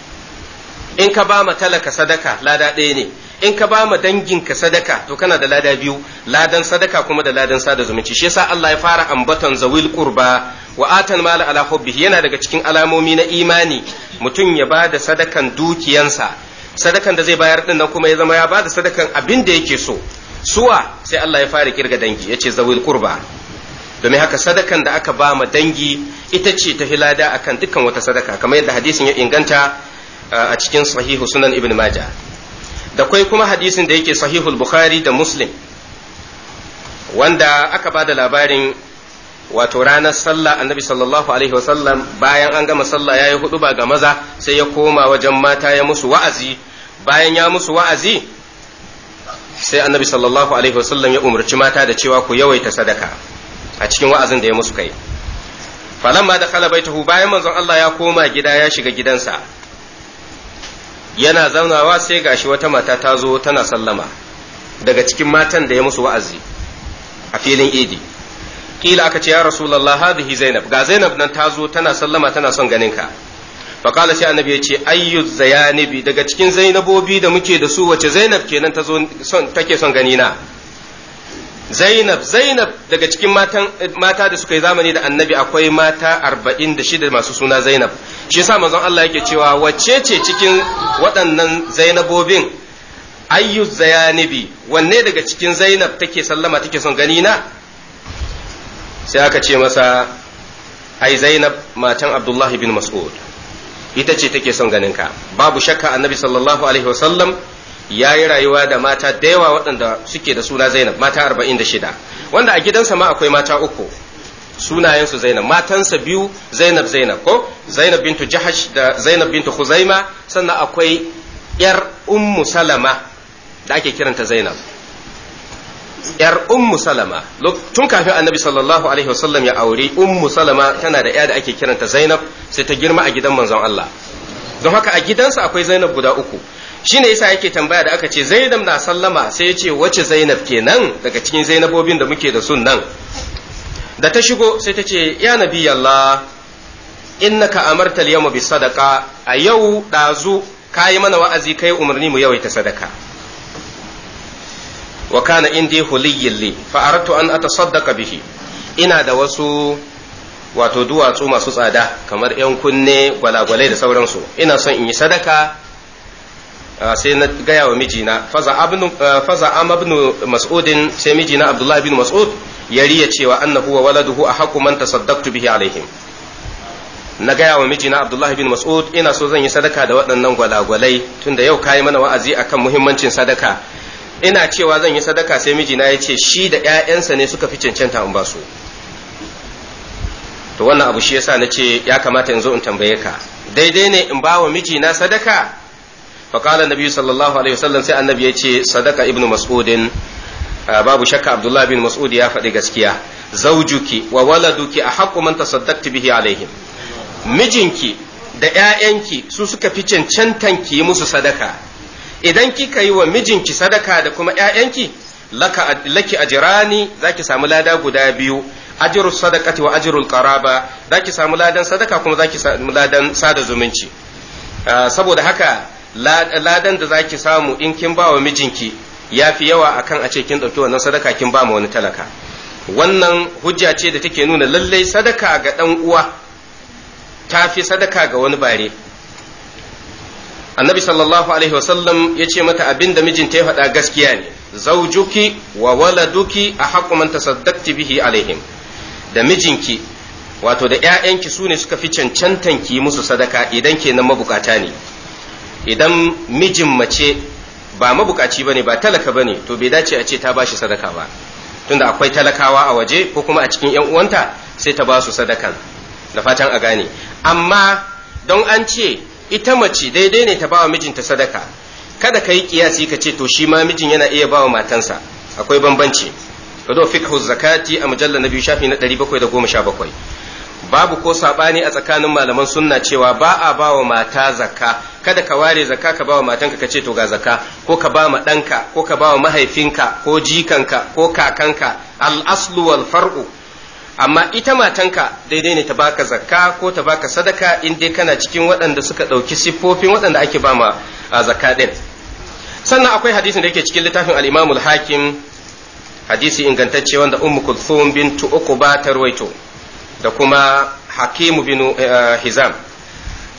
in ka ba ma talaka sadaka lada ɗaya ne in ka ba ma danginka sadaka to kana da lada biyu ladan sadaka kuma da ladan sada zumunci shi yasa Allah ya fara ambaton zawil qurba wa atan mala ala hubbi yana daga cikin alamomi na imani mutum ya ba da sadakan dukiyansa sadakan da zai bayar din nan kuma ya zama ya ba da sadakan abin da yake so suwa sai Allah ya fara kirga dangi yace zawil qurba domin haka sadakan da aka ba ma dangi ita ce ta hilada akan dukkan wata sadaka kamar yadda hadisin ya inganta a cikin sahihu sunan ibn majah da kwai kuma hadisin da yake sahihul bukhari da muslim wanda aka ba da labarin wato ranar sallah annabi sallallahu alaihi wasallam bayan an gama sallah ya yi hudu ba ga maza sai ya koma wajen mata ya musu wa'azi bayan ya musu wa'azi sai annabi sallallahu alaihi wasallam ya umarci mata da cewa ku yawaita sadaka a cikin wa'azin da ya musu kai falamma da kala baitahu bayan manzon Allah ya koma gida ya shiga gidansa yana zaunawa sai gashi wata mata ta zo tana sallama daga cikin matan da ya musu wa'azi a filin idi kila aka ce ya rasulallah hadhihi zainab ga zainab nan ta zo tana sallama tana son ganin ka fa qala sai annabi yace ayyu zayanibi daga cikin zainabobi da muke da su wace zainab kenan ta take son gani na Zainab Zainab daga cikin mata da suka yi zamani da annabi akwai mata arba'in da shida masu suna Zainab shi yasa manzon Allah yake cewa wacce ce cikin waɗannan Zainabobin ayyu zayanibi wanne daga cikin Zainab take sallama take son gani na sai aka ce masa ai Zainab matan Abdullahi bin Mas'ud ita ce take son ganin ka babu shakka annabi sallallahu alaihi wasallam ya yi rayuwa da mata da yawa waɗanda suke da suna zainab mata arba'in da shida wanda a gidansa ma akwai mata uku sunayensu zainab matansa biyu zainab zainab ko zainab bintu jahash da zainab bintu huzaima sannan akwai yar ummu salama da ake kiranta zainab yar ummu salama tun kafin annabi sallallahu alaihi wasallam ya aure ummu salama tana da ya da ake kiranta zainab sai ta girma a gidan manzon Allah don haka a gidansa akwai zainab guda uku Shi ne yasa yake tambaya da aka ce Zainab na sallama sai ya ce wace Zainab ke nan daga cikin Zainabobin da muke da sun nan da ta shigo sai ta ce ya nabi Allah innaka amartal yawma bi sadaqa a yau dazu kayi mana wa'azi kai umarni mu yawaita sadaka wa kana indi huliyyin li fa aratu an atasaddaqa bihi ina da wasu wato duwatsu masu tsada kamar yan kunne gwalagwalai da sauransu ina son in yi sadaka Ah, sai na gaya wa mijina faza ah, am mas'udin sai mijina abdullahi bin mas'ud ya riya cewa annahu wa waladuhu ahqqu man tasaddaqtu bihi alaihim na gaya wa mijina abdullahi bin mas'ud ina so zan yi sadaka da waɗannan gwalagwalai tunda yau kayi mana wa'azi akan muhimmancin sadaka ina cewa zan yi sadaka sai mijina ya ce shi da ƴaƴansa ne suka fi cancanta in ba su to wannan abu shi yasa na ce ya kamata in zo in tambaye ka daidai ne in ba wa mijina sadaka فقال النبي صلى الله عليه وسلم سأل النبي يتي صدق ابن مسعود babu shakka Abdullah bin Mas'ud ya faɗi gaskiya zaujuki wa waladuki a haƙƙo man tasaddaqti bihi mijinki da ƴaƴanki su suka fi cancantan ki musu sadaka idan kika yi wa mijinki sadaka da kuma ƴaƴanki laka laki za zaki samu lada guda biyu ajrul sadaqati wa ajirul qaraba zaki samu ladan sadaka kuma ki samu ladan sada zumunci saboda haka ladan da zaki samu in kin ba wa mijinki ya fi yawa akan a ce kin ɗauki wannan sadaka kin ba ma wani talaka wannan hujja ce da take nuna lallai sadaka ga ɗan uwa ta fi sadaka ga wani bare annabi sallallahu alaihi wasallam ya ce mata abin da mijinta ya faɗa gaskiya ne zaujuki wa waladuki a haƙuman tasaddaqti bihi alaihim da mijinki wato da ‘ya'yanki su ne suka fi cancantan ki musu sadaka idan kenan mabukata ne idan mijin mace ba mabukaci ba ne ba talaka ba ne to bai dace a ce ta bashi sadaka ba tunda akwai talakawa a waje ko kuma a cikin yan uwanta sai ta ba su sadakan da fatan a gane amma don an ce ita mace daidai ne ta bawa mijinta sadaka kada ka yi kiyasi ka ce to shi ma mijin yana iya bawa matansa akwai bambanci ka zo fikhu zakati a mujallar na biyu shafi na 717 babu ko saɓani a tsakanin malaman sunna cewa ba a ba wa mata zakka kada ka ware zakka ka ba wa matanka ka ce to ga zakka ko ka ba ma ɗanka ko ka ba wa mahaifinka ko jikanka ko kakanka al'aslu wal far'u amma ita matanka daidai ne ta baka zakka ko ta baka sadaka in dai kana cikin waɗanda suka ɗauki siffofin waɗanda ake ba ma zakka ɗin sannan akwai hadisin da yake cikin littafin al-imamul hakim hadisi ingantacce wanda ummu kulthum bintu uqba ta ruwaito da kuma hakimu bin eh, eh, hizam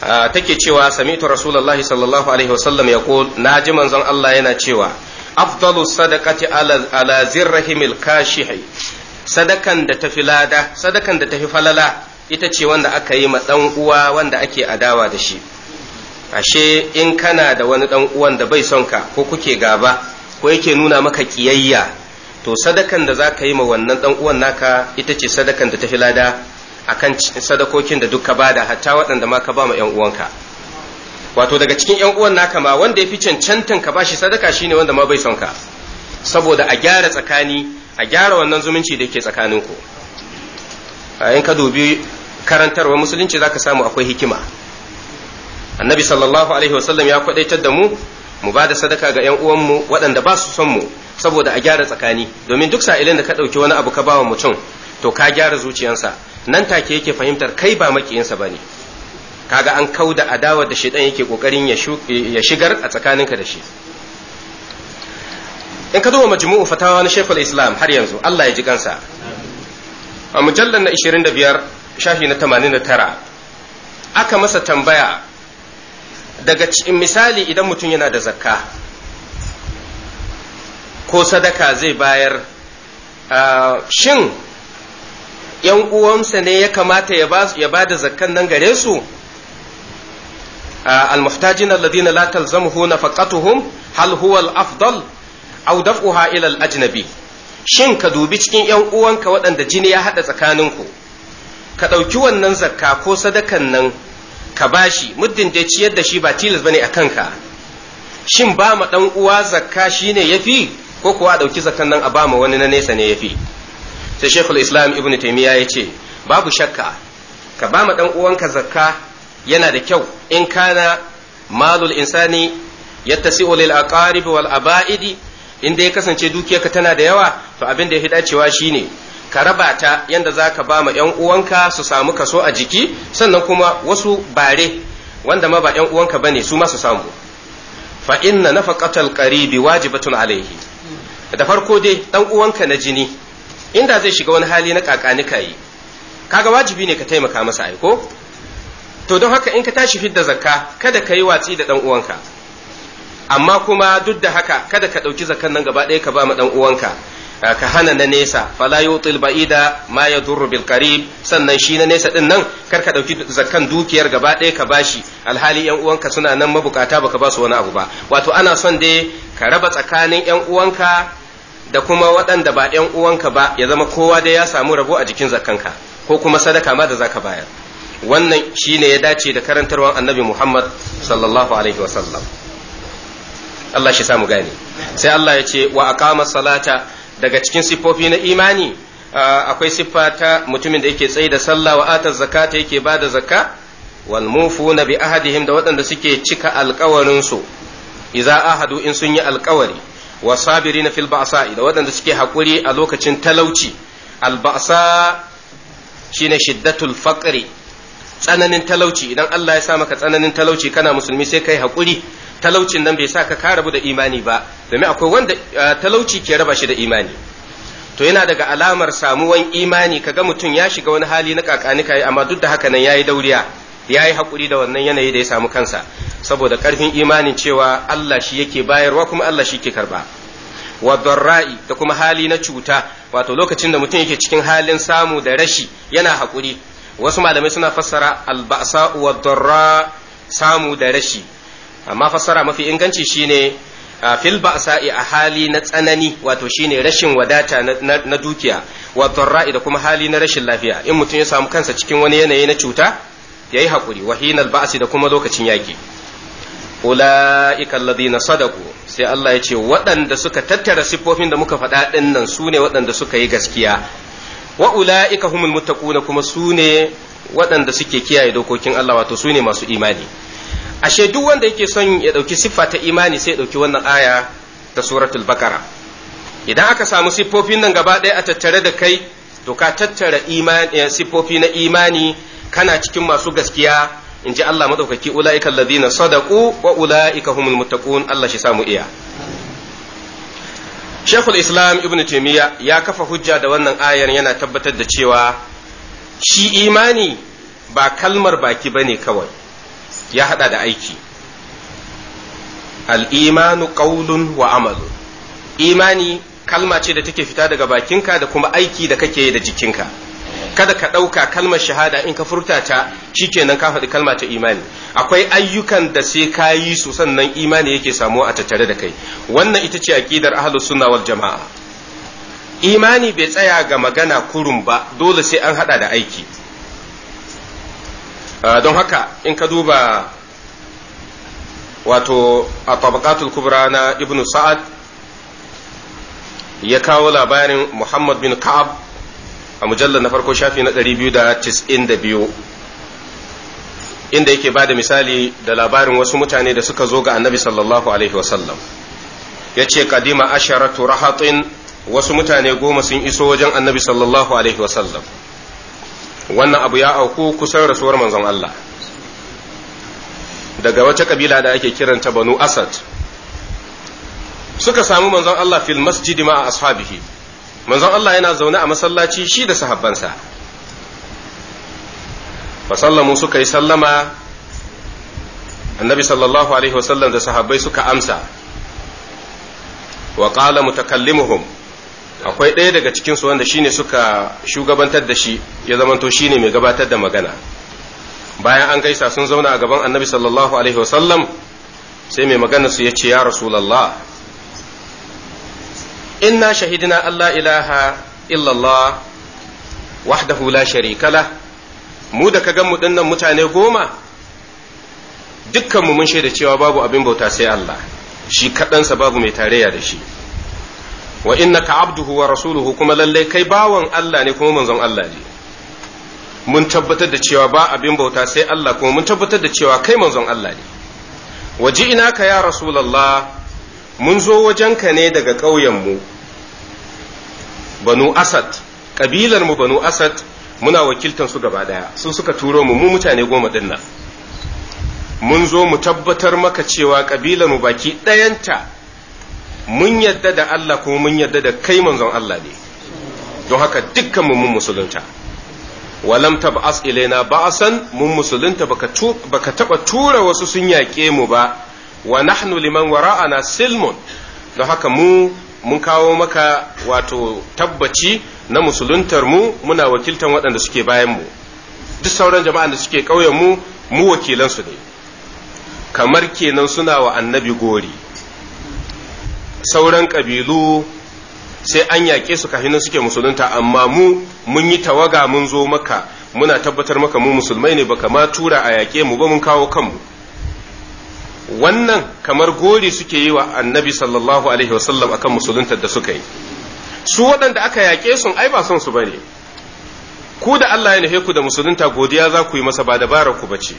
ah, take cewa sami'tu rasulullahi sallallahu alaihi wasallam na ji manzon Allah yana cewa afdalu sadaqati ala ala zirrahimil sadakan da tafi lada sadakan da tafi falala ita ce wanda aka yi ma dan uwa wanda ake adawa da shi ashe in kana da wani dan uwan da bai son ka ko kuke gaba ko yake nuna maka kiyayya to sadakan da za ka yi ma wannan dan uwan naka ita ce sadakan da ta fi lada akan sadakokin da dukka bada hatta waɗanda ma ka ba ma yan uwanka wato daga cikin yan uwan naka ma wanda ya fi cancantan ka bashi sadaka shine wanda ma bai son ka saboda a gyara tsakani a gyara wannan zumunci da ke ku. in ka dubi karantarwa musulunci zaka samu akwai hikima annabi sallallahu alaihi wasallam ya kwadaitar da mu mu ba da sadaka ga yan uwanmu waɗanda ba su son mu saboda a gyara tsakani domin duk sa'ilin da ka ɗauki wani abu ka bawa mutum to ka gyara zuciyansa nan take yake fahimtar kai ba makiyinsa ba ne kaga an kau da adawa da shedan yake kokarin ya shigar a tsakaninka da shi in ka duba majmu'u fatawa na Sheikhul Islam har yanzu Allah ya ji kansa a mujallar na 25 shafi na 89 aka masa tambaya daga cikin misali idan mutum yana da zakka ko sadaka zai bayar shin ‘yan uwansa ne ya kamata ya ba da zakkan nan gare su al-muhtajin alladhina la talzamuhu nafaqatuhum hal huwa al’afdal afdal aw daf'uha ila ajnabi shin ka dubi cikin ‘yan uwanka waɗanda jini ya haɗa tsakaninku ka ɗauki wannan zakka ko sadakan nan ka bashi muddin da ciyar da shi ba tilas bane a kanka shin ba ma dan uwa zakka shine yafi ko kuwa a dauki zakkan nan a ba ma wani na nesa ne yafi sai shekul islam ibnu taimiyya ya ce babu shakka ka ba ma dan uwanka zakka yana da kyau in kana malul insani yattasi'u lil aqarib wal aba'idi in dai kasance dukiyarka tana da yawa to abin da ya fi dacewa shine ka raba ta yadda za ka ba ma 'yan uwanka su samu kaso a jiki sannan kuma wasu bare wanda ma ba 'yan uwanka ba ne su ma su samu fa inna nafaqatal qaribi wajibatun alaihi da farko dai ɗan uwanka na jini inda zai shiga wani hali na kakani yi kaga wajibi ne ka taimaka masa aiko to don haka in ka tashi fidda zakka kada ka yi watsi da ɗan uwanka amma kuma duk da haka kada ka ɗauki zakkan nan gaba ɗaya ka ba ma ɗan uwanka ka hana na nesa fala yutil ba'ida ma yadurru bil qarib sannan shi na nesa din nan kar ka dauki zakkan dukiyar gaba ɗaya ka bashi alhali yan uwanka suna nan mabukata baka ba su wani abu ba wato ana son dai ka raba tsakanin yan uwanka da kuma waɗanda ba yan uwanka ba ya zama kowa dai ya samu rabo a jikin zakkanka ko kuma sadaka ma da zaka bayar wannan shine ya dace da karantarwar annabi Muhammad sallallahu alaihi wasallam Allah shi samu gane sai Allah ya ce wa aqama salata daga cikin siffofi na imani akwai siffa ta mutumin da yake tsaye da sallah wa atar zakata yake ba da zakka wal na bi ahadihim da waɗanda suke cika alkawarin su Iza ahadu in sun yi alkawari wa na fil ba'sa da waɗanda suke hakuri a lokacin talauci al ba'sa shine shiddatul faqri tsananin talauci idan Allah ya sa maka tsananin talauci kana musulmi sai kai hakuri talaucin nan bai sa ka rabu da imani ba domin akwai wanda talauci ke raba shi da imani to yana daga alamar samuwan imani kaga mutum ya shiga wani hali na kakanika amma duk da haka nan yayi dauriya yayi hakuri da wannan yanayi da ya samu kansa saboda karfin imanin cewa Allah shi yake bayarwa kuma Allah shi ke karba wa darra'i da kuma hali na cuta wato lokacin da mutum yake cikin halin samu da rashi yana hakuri wasu malamai suna fassara alba'sa wa darra samu da rashi amma fassara mafi inganci shine fil ba'sa'i a hali na tsanani wato shine rashin wadata na dukiya wa dharra'i da kuma hali na rashin lafiya in mutum ya samu kansa cikin wani yanayi na cuta yayi hakuri wa hinal ba'si da kuma lokacin yaki ula'ika Ladina sadaku sai Allah ya ce waɗanda suka tattara siffofin da muka faɗa ɗin nan su ne waɗanda suka yi gaskiya wa ula'ika humul muttaquna kuma su ne waɗanda suke kiyaye dokokin Allah wato su ne masu imani ashe duk wanda yake son ya ɗauki siffa ta imani sai ya ɗauki wannan aya ta suratul bakara idan aka samu siffofin nan gaba ɗaya a tattare da kai to ka tattara eh, siffofi na imani kana cikin masu gaskiya in ji Allah madaukaki ula'ika ladina sadaqu wa ula'ika humul muttaqun Allah shi samu iya Shekul Islam Ibn Taimiyya ya kafa hujja da wannan ayar yana tabbatar da cewa shi imani ba kalmar baki bane kawai ya hada da aiki al'imanu ƙaulun wa amalu imani kalma ce da take fita daga bakinka da kuma aiki da kake da jikinka kada ka ɗauka kalmar shahada in ka furta ta shikenan ka faɗi kalma ta imani akwai ayyukan da sai ka yi su sannan imani yake samu a tattare da kai wannan ita ce aƙidar ahlus sunna wal jama'a imani bai tsaya ga magana kurun ba dole sai an haɗa da aiki Ah, don haka in ka duba wato a tabakatul kubra na ibn sa'ad ya kawo labarin muhammad bin ka'ab a mujallar na farko shafi na 292 inda yake ba da misali da labarin wasu mutane da suka zo ga annabi sallallahu alaihi wasallam ya ce kadima asharatu rahatin wasu mutane goma sun iso wajen annabi sallallahu alaihi wasallam wannan abu ya auku kusan rasuwar manzon Allah daga wata kabila da ake kiranta banu asad suka samu manzon Allah fil masjidi ma ashabihi manzon Allah yana zaune a masallaci shi da sahabbansa fa sallamu suka yi sallama annabi sallallahu alaihi wasallam da sahabbai suka amsa wa qala mutakallimuhum akwai ɗaya daga cikinsu wanda shine suka shugabantar da shi ya zamanto shine mai gabatar da magana bayan an gaisa sun zauna a gaban annabi sallallahu alaihi wasallam sai mai magana su ya ce ya rasulallah inna shahidina allah ilaha illallah wahdahu la sharikala mu da ka mu dinnan mutane goma dukkanmu mun shaida cewa babu abin bauta sai allah shi kaɗansa babu mai tarayya da shi wa innaka abduhu wa rasuluhu kuma lallai kai bawan Allah ne kuma manzon Allah ne mun tabbatar da cewa ba abin bauta sai Allah kuma mun tabbatar da cewa kai manzon Allah ne waje ina ka ya rasulullah mun zo wajenka ne daga mu. banu asad ƙabilar mu banu asad muna wakiltan su gaba daya sun suka turo mu mu mutane goma din mun zo mu tabbatar maka cewa ƙabilar mu baki ɗayanta mun yadda da Allah kuma mun yadda da kai manzon Allah ne don haka dukkan mu mun musulunta walam tab'as ilaina ba'san mun musulunta baka baka taba tura wasu sun yaƙe mu ba wa nahnu liman wara'ana silmun don haka mu mun kawo maka wato tabbaci na musuluntar mu muna wakiltan waɗanda suke bayan mu duk sauran jama'an da suke ƙauyen mu mu wakilansu ne kamar kenan suna wa annabi gori sauran kabilu sai an yaƙe su kafin suke musulunta amma mu mun yi tawaga mun zo maka muna tabbatar maka mu musulmai ne baka ma tura a yaƙe mu ba mun kawo kanmu wannan kamar gori suke yi wa annabi sallallahu alaihi wasallam akan musuluntar da suka yi su waɗanda aka yaƙe sun ai ba son su bane ku da Allah ya nufe ku da musulunta godiya za ku yi masa ba dabara ku bace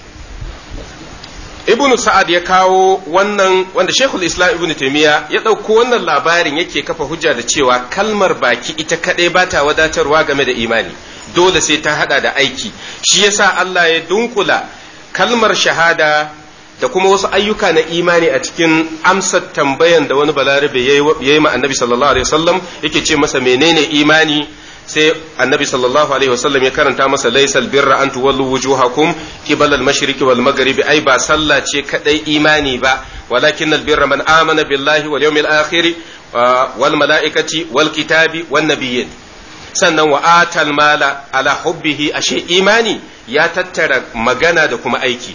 ibnu sa'ad ya kawo wannan wanda shekul islam ibnu taimiyya ya ɗauko wannan labarin yake kafa hujja da cewa kalmar baki ita kaɗai ba ta wadatarwa game da imani dole sai ta haɗa da aiki shi yasa Allah ya dunkula kalmar shahada da kuma wasu ayyuka na imani a cikin amsar tambayan da wani balarabe ya yi ma annabi sallallahu alaihi wasallam yake ce masa menene imani sai annabi sallallahu alaihi wasallam ya karanta masa laisal birra an tuwallu wujuhakum qibala al-mashriqi wal maghribi ai ba sallah ce kadai imani ba walakin al-birra man amana billahi wal yawmil akhir uh, wal malaikati wal kitabi wan nabiyyin sannan wa atal mala ala hubbihi ashe imani ya tattara magana da kuma aiki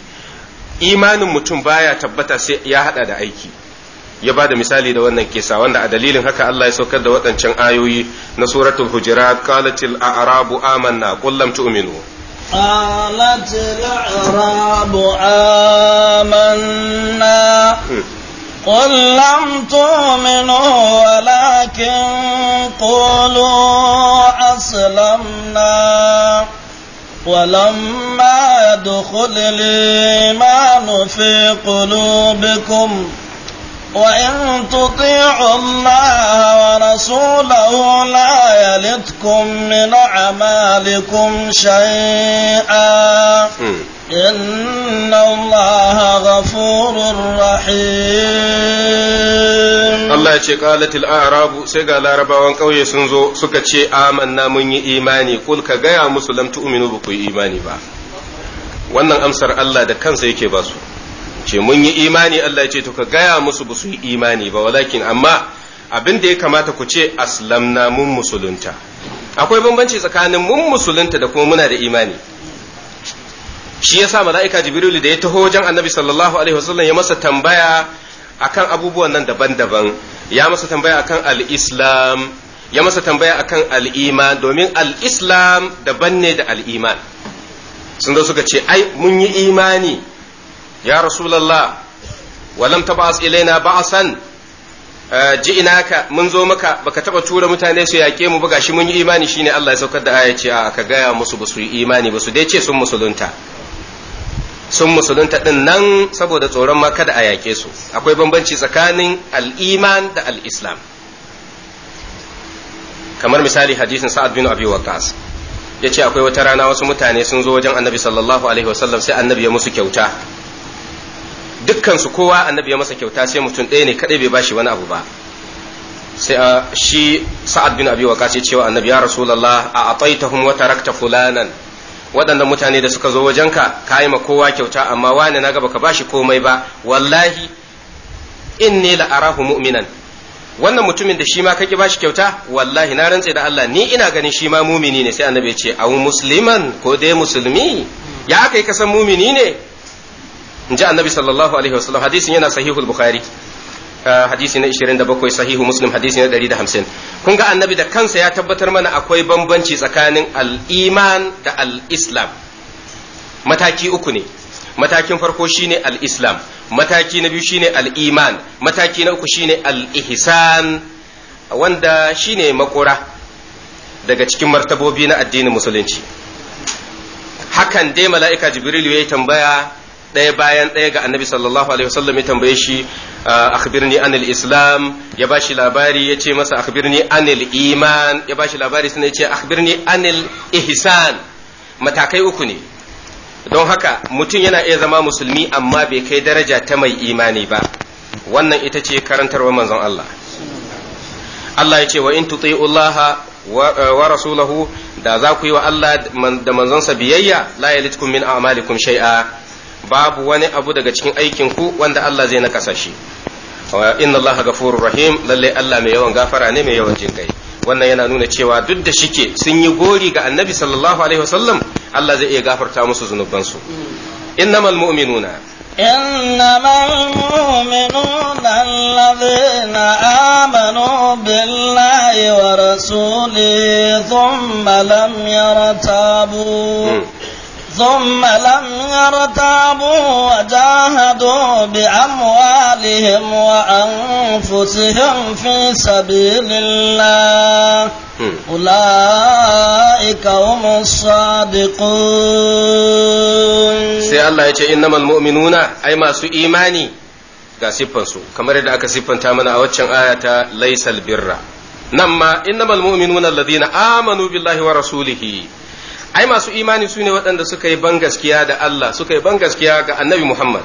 imanin mutum baya tabbata sai ya hada da aiki ya ba da misali da wannan kisa wanda a dalilin haka Allah ya saukar da waɗancan ayoyi na suratul hujurat qalatil a'rabu amanna qul lam tu'minu قالت الأعراب آمنا قل لم تؤمنوا ولكن قولوا أسلمنا ولما يدخل الإيمان في قلوبكم وإن تطيعوا الله ورسوله لا يلتكم من أعمالكم شيئا إن الله غفور رحيم الله يتي قالت الأعراب سيقى العرب وانقوي سنزو سكتشي آمنا من إيماني قل كغيا مسلم تؤمنوا بكو إيماني با wannan amsar Allah da kansa yake basu. ce mun yi imani Allah ya ce to ka gaya musu ba su yi imani ba walakin amma abin da ya kamata ku ce aslamna mun musulunta akwai bambanci tsakanin mun musulunta da kuma muna da imani shi yasa mala'ika jibrilu da ya taho wajen annabi sallallahu alaihi wasallam ya masa tambaya akan abubuwan nan daban-daban ya masa tambaya akan al-islam ya masa tambaya akan al-iman domin al-islam daban ne da al-iman sun zo suka ce ai mun yi imani ya rasulallah walam tab'as ilaina ba'san eh, ji'inaka mun zo maka baka taba tura mutane su yake mu ba gashi mun yi imani shine Allah ya saukar da aya a ka gaya musu ba su yi imani ba su dai ce sun musulunta sun musulunta din nan saboda tsoron ma kada a yake su akwai bambanci tsakanin al-iman da al-islam kamar misali hadisin sa'ad bin abi waqas yace akwai wata rana wasu mutane sun zo wajen annabi sallallahu alaihi wasallam sai annabi ya musu kyauta Dukkansu su kowa annabi ya masa kyauta sai mutum ɗaya ne kadai bai bashi wani abu ba sai ah, shi sa'ad bin abi waqas ya cewa annabi ya rasulullah a ataitahum wa tarakta fulanan waɗannan mutane da suka zo wajenka ka yi ma kowa kyauta amma wani na gaba ka bashi komai ba wallahi inni la arahu mu'minan wannan mutumin da shi ma kake bashi kyauta wallahi na rantse da Allah ni ina ganin shi ma mumini ne sai annabi ya ce a musliman ko dai musulmi ya kai ka kasan mumini ne in ji annabi sallallahu alaihi wasallam hadisin yana sahihul bukhari ah, hadisi na 27 sahihu muslim hadisi na 150 kun ga annabi da kansa ya tabbatar mana akwai bambanci tsakanin al-iman da al-islam mataki uku ne matakin farko shine al-islam mataki na biyu shine al-iman mataki na uku shine al-ihsan wanda shine makora daga cikin martabobi na addinin musulunci hakan dai mala'ika jibrilu ya yi tambaya ɗaya bayan ɗaya ga annabi sallallahu alaihi wasallam ya tambaye shi ah, akhbirni anil islam ya ba labari ya ce masa akhbirni anil iman ya ba labari sannan ce akhbirni anil ihsan matakai uku ne don haka mutum yana iya zama musulmi amma bai kai daraja ta mai imani ba wannan ita ce karantarwa manzon Allah Allah ya ce wa in tuti'ullaha eh, wa rasulahu da za ku yi wa Allah da manzonsa biyayya la yalitkum min a'malikum shay'a babu wani abu daga cikin aikin ku wanda Allah zai nakasa shi inna Allah gafurur rahim lalle Allah mai yawan gafara ne mai yawan jin kai wannan yana nuna cewa duk da shike sun yi gori ga annabi sallallahu alaihi wasallam Allah zai iya gafarta musu zunubansu innamal mu'minuna إنما المؤمنون الذين آمنوا بالله ورسوله ثم لم يرتابوا ثم لم يرتابوا وجاهدوا بأموالهم وأنفسهم في سبيل الله hmm. أولئك هم الصادقون سي الله يجي إنما المؤمنون أي ما سو إيماني ga siffansu kamar yadda aka siffanta mana a waccan ayata laisal birra nan ma innamal mu'minuna alladhina amanu billahi wa ai masu imani su ne waɗanda suka yi ban gaskiya da Allah suka yi ban gaskiya ga annabi Muhammad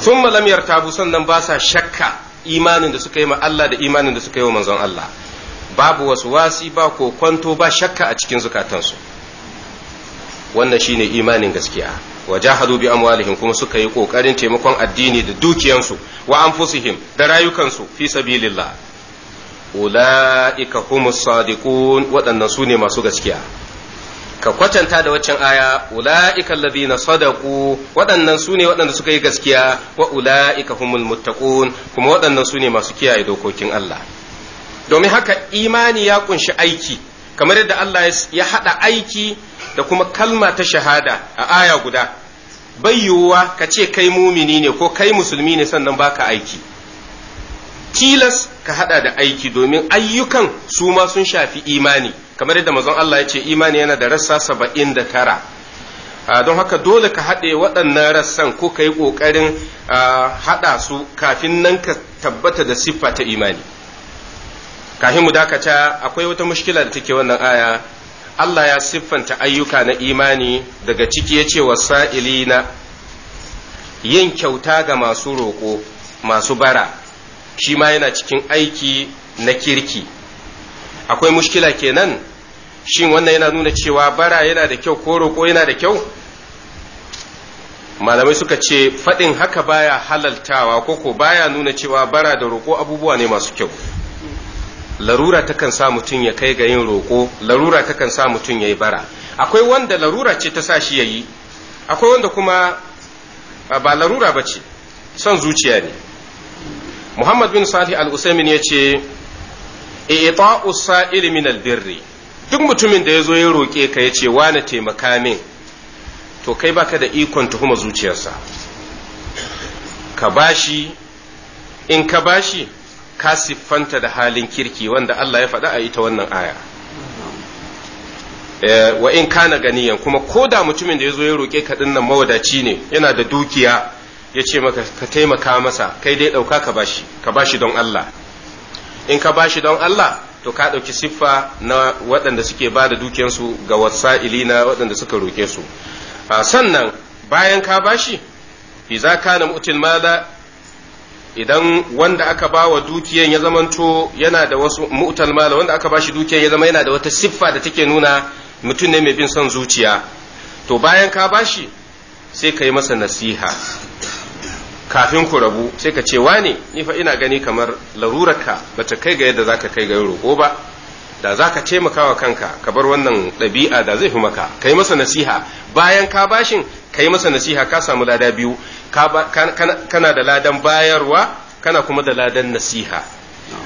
sun ta tabu sannan ba sa shakka imanin da suka yi ma Allah da imanin da suka yi wa manzon Allah babu wasu wasi ba ko kwanto ba shakka a cikin zukatansu wannan shine imanin gaskiya wa jahadu bi amwalihim kuma suka yi kokarin taimakon addini da dukiyansu wa anfusihim da rayukansu fi sabilillah ulaika humus sadiqun waɗannan su ne masu gaskiya ka kwatanta da waccan aya ula'ika alladhina sadaqu waɗannan su ne waɗanda suka yi gaskiya wa ula'ika humul muttaqun kuma waɗannan sune ne masu kiyaye dokokin Allah domin haka imani ya kunshi aiki kamar yadda Allah ya haɗa aiki da kuma kalma ta shahada a aya guda bayyuwa ka ce kai mumini ne ko kai musulmi ne sannan baka aiki tilas ka hada da aiki domin ayyukan su ma sun shafi imani kamar yadda mazan Allah ya ce imani yana da rassa saba'in da tara ah, don haka dole ka haɗe waɗannan rassan ko ka yi ƙoƙarin ah, haɗa su kafin nan ka tabbata da siffa ta imani kafin mu dakata akwai wata mushkila da take wannan aya Allah ya siffanta ayyuka na imani daga ciki ya ce wa yin kyauta ga masu roƙo masu bara shi ma yana cikin aiki na kirki akwai mushkila kenan shin wannan yana nuna cewa bara yana da kyau ko roƙo yana da kyau malamai suka ce faɗin haka baya halaltawa ko ko baya nuna cewa bara da roƙo abubuwa ne masu kyau larura takan sa mutum ya kai ga yin roƙo larura takan sa mutum ya yi bara akwai wanda larura ce ta sa shi ya yi akwai wanda kuma ba larura ba ce son zuciya ne Muhammad bin Salih al-Usaimin ya ce, "I'ita'u sa'ili min albirri, duk mutumin da ya zo ya roƙe ka yace, ce, wani taimaka min, to kai baka da ikon tuhuma zuciyarsa. Ka bashi, in ka bashi, ka siffanta da halin kirki wanda Allah ya faɗa a ita wannan aya. Eh, wa in kana ganiyan kuma ko da mutumin da ya zo ya roƙe ka ɗin nan mawadaci ne, yana da dukiya. ya ce maka ka taimaka masa kai dai ɗauka ka bashi ka bashi don Allah in ka bashi don Allah to ka ɗauki siffa na waɗanda suke ba da dukiyansu ga wasa'ili na waɗanda suka roƙe su sannan bayan ka bashi ka na mu'til mala idan wanda aka ba wa dukiyan ya zamanto yana da wasu mu'tal mala wanda aka bashi dukiyan ya zama yana da wata siffa da take nuna mutum ne mai bin son zuciya to bayan ka bashi sai ka yi masa nasiha kafin ku rabu sai ka ce wane ni fa ina gani kamar larurarka bata kai ga yadda zaka kai ga roƙo ba da zaka taimaka wa kanka ka bar wannan ɗabi'a da zai fi maka ka yi masa nasiha bayan ka bashin kai masa nasiha ka samu lada biyu kana da ladan bayarwa kana kuma da ladan nasiha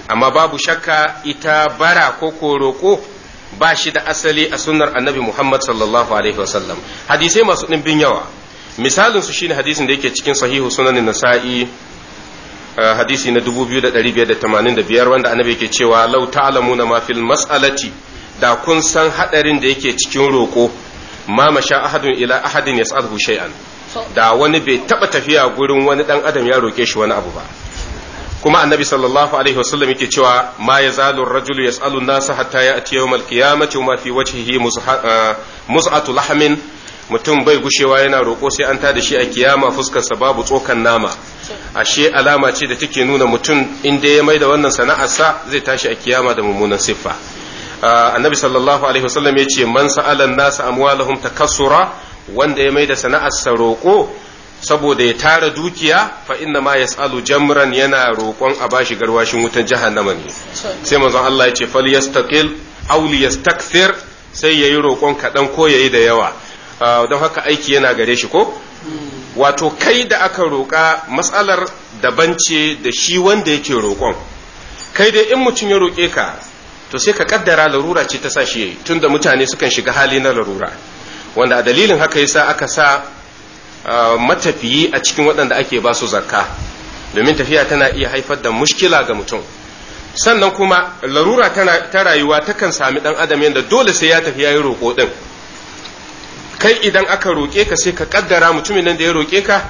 amma babu shakka ita bara ko ko roƙo ba shi da asali a sunnar annabi muhammad sallallahu alaihi wasallam hadisai masu ɗimbin yawa misalin su shine hadisin da yake cikin sahihu sunan nasa'i hadisi na 2585 wanda annabi yake cewa law ta'lamuna ma fil mas'alati da kun san hadarin da yake cikin roko ma masha ahadun ila ahadin yas'alhu shay'an da wani bai taba tafiya gurin wani dan adam ya roke shi wani abu ba kuma annabi sallallahu alaihi wasallam yake cewa ma yazalu rajulu yas'alu an-nasa hatta ya'ti yawm al-qiyamati wa fi wajhihi mus'atu lahmin mutum bai gushewa yana roƙo sai an tada shi a kiyama fuskarsa babu tsokan nama ashe alama ce da take nuna mutum inda ya mai da wannan sana'arsa zai tashi a kiyama da mummunan siffa annabi sallallahu alaihi wasallam ya ce man sa'alan nasa amwalahum takassura wanda ya mai da sana'arsa roƙo saboda ya tara dukiya fa inna ma yas'alu jamran yana roƙon a bashi garwashin wutan jahannama ne sai manzon Allah ya ce yastaqil aw liyastakthir sai yayi roƙon kaɗan ko yayi da yawa Ah, don haka aiki yana gare shi ko wato kai da aka roƙa matsalar daban ce da shi wanda yake roƙon kai dai in mutum ya roƙe ka to sai ka kaddara larura ce ta sa shi yayi tunda mutane sukan shiga hali na larura wanda a dalilin haka yasa aka sa ah, matafiyi a cikin waɗanda ake ba su zakka domin tafiya tana iya haifar da mushkila ga mutum sannan kuma larura ta rayuwa takan sami ɗan adam yadda dole sai ya tafi ya yi roƙo ɗin kai idan aka roƙe ka sai ka ƙaddara mutumin nan da ya roƙe ka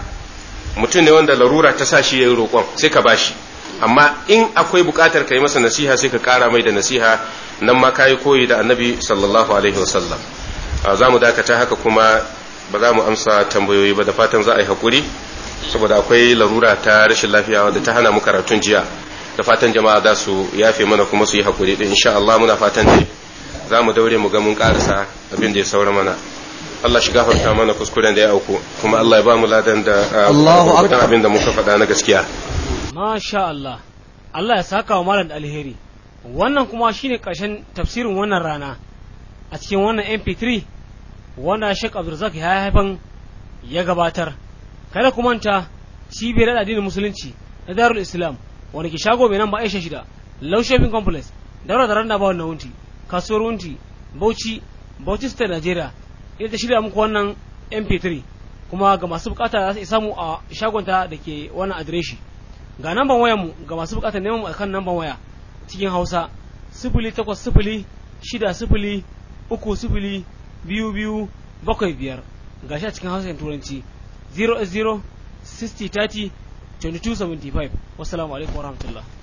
mutum ne wanda larura ta sa shi ya yi roƙon sai ka bashi amma in akwai buƙatar ka yi masa nasiha sai ka ƙara mai da nasiha nan ma ka yi koyi da annabi sallallahu alaihi wasallam za mu dakata haka kuma ba za mu amsa tambayoyi ba da fatan za a yi haƙuri saboda akwai larura ta rashin lafiya wanda ta hana mu karatun jiya da fatan jama'a za su yafe mana kuma su yi haƙuri din insha Allah muna fatan dai za mu daure mu ga mun ƙarasa abin da ya saura mana Allah shiga gafarta mana kuskuren da ya auku kuma Allah ya ba mu ladan da ah, abin da muka faɗa na gaskiya masha Allah Allah ya saka wa malam alheri wannan kuma shine karshen tafsirin wannan rana a cikin wannan MP3 wanda Sheikh Abdulrazak ya haifan ya gabatar kada ku manta cibiyar addinin musulunci na Darul Islam wani ki shago mai nan ba Aisha shida Low Shopping Complex da randa ba wannan wunti kasuwar wunti Bauchi Bauchi State Nigeria ita ta shirya muku wannan mp3 kuma ga masu bukata za su mu a shagonta da ke wannan adireshi ga namban wayan mu ga masu bukata neman mu akan namban waya cikin hausa sifili takwas sifili shida sifili uku sifili biyu biyu bakwai biyar ga shi a cikin hausa turanci 0 2275 wasu alaikum warahmatullahi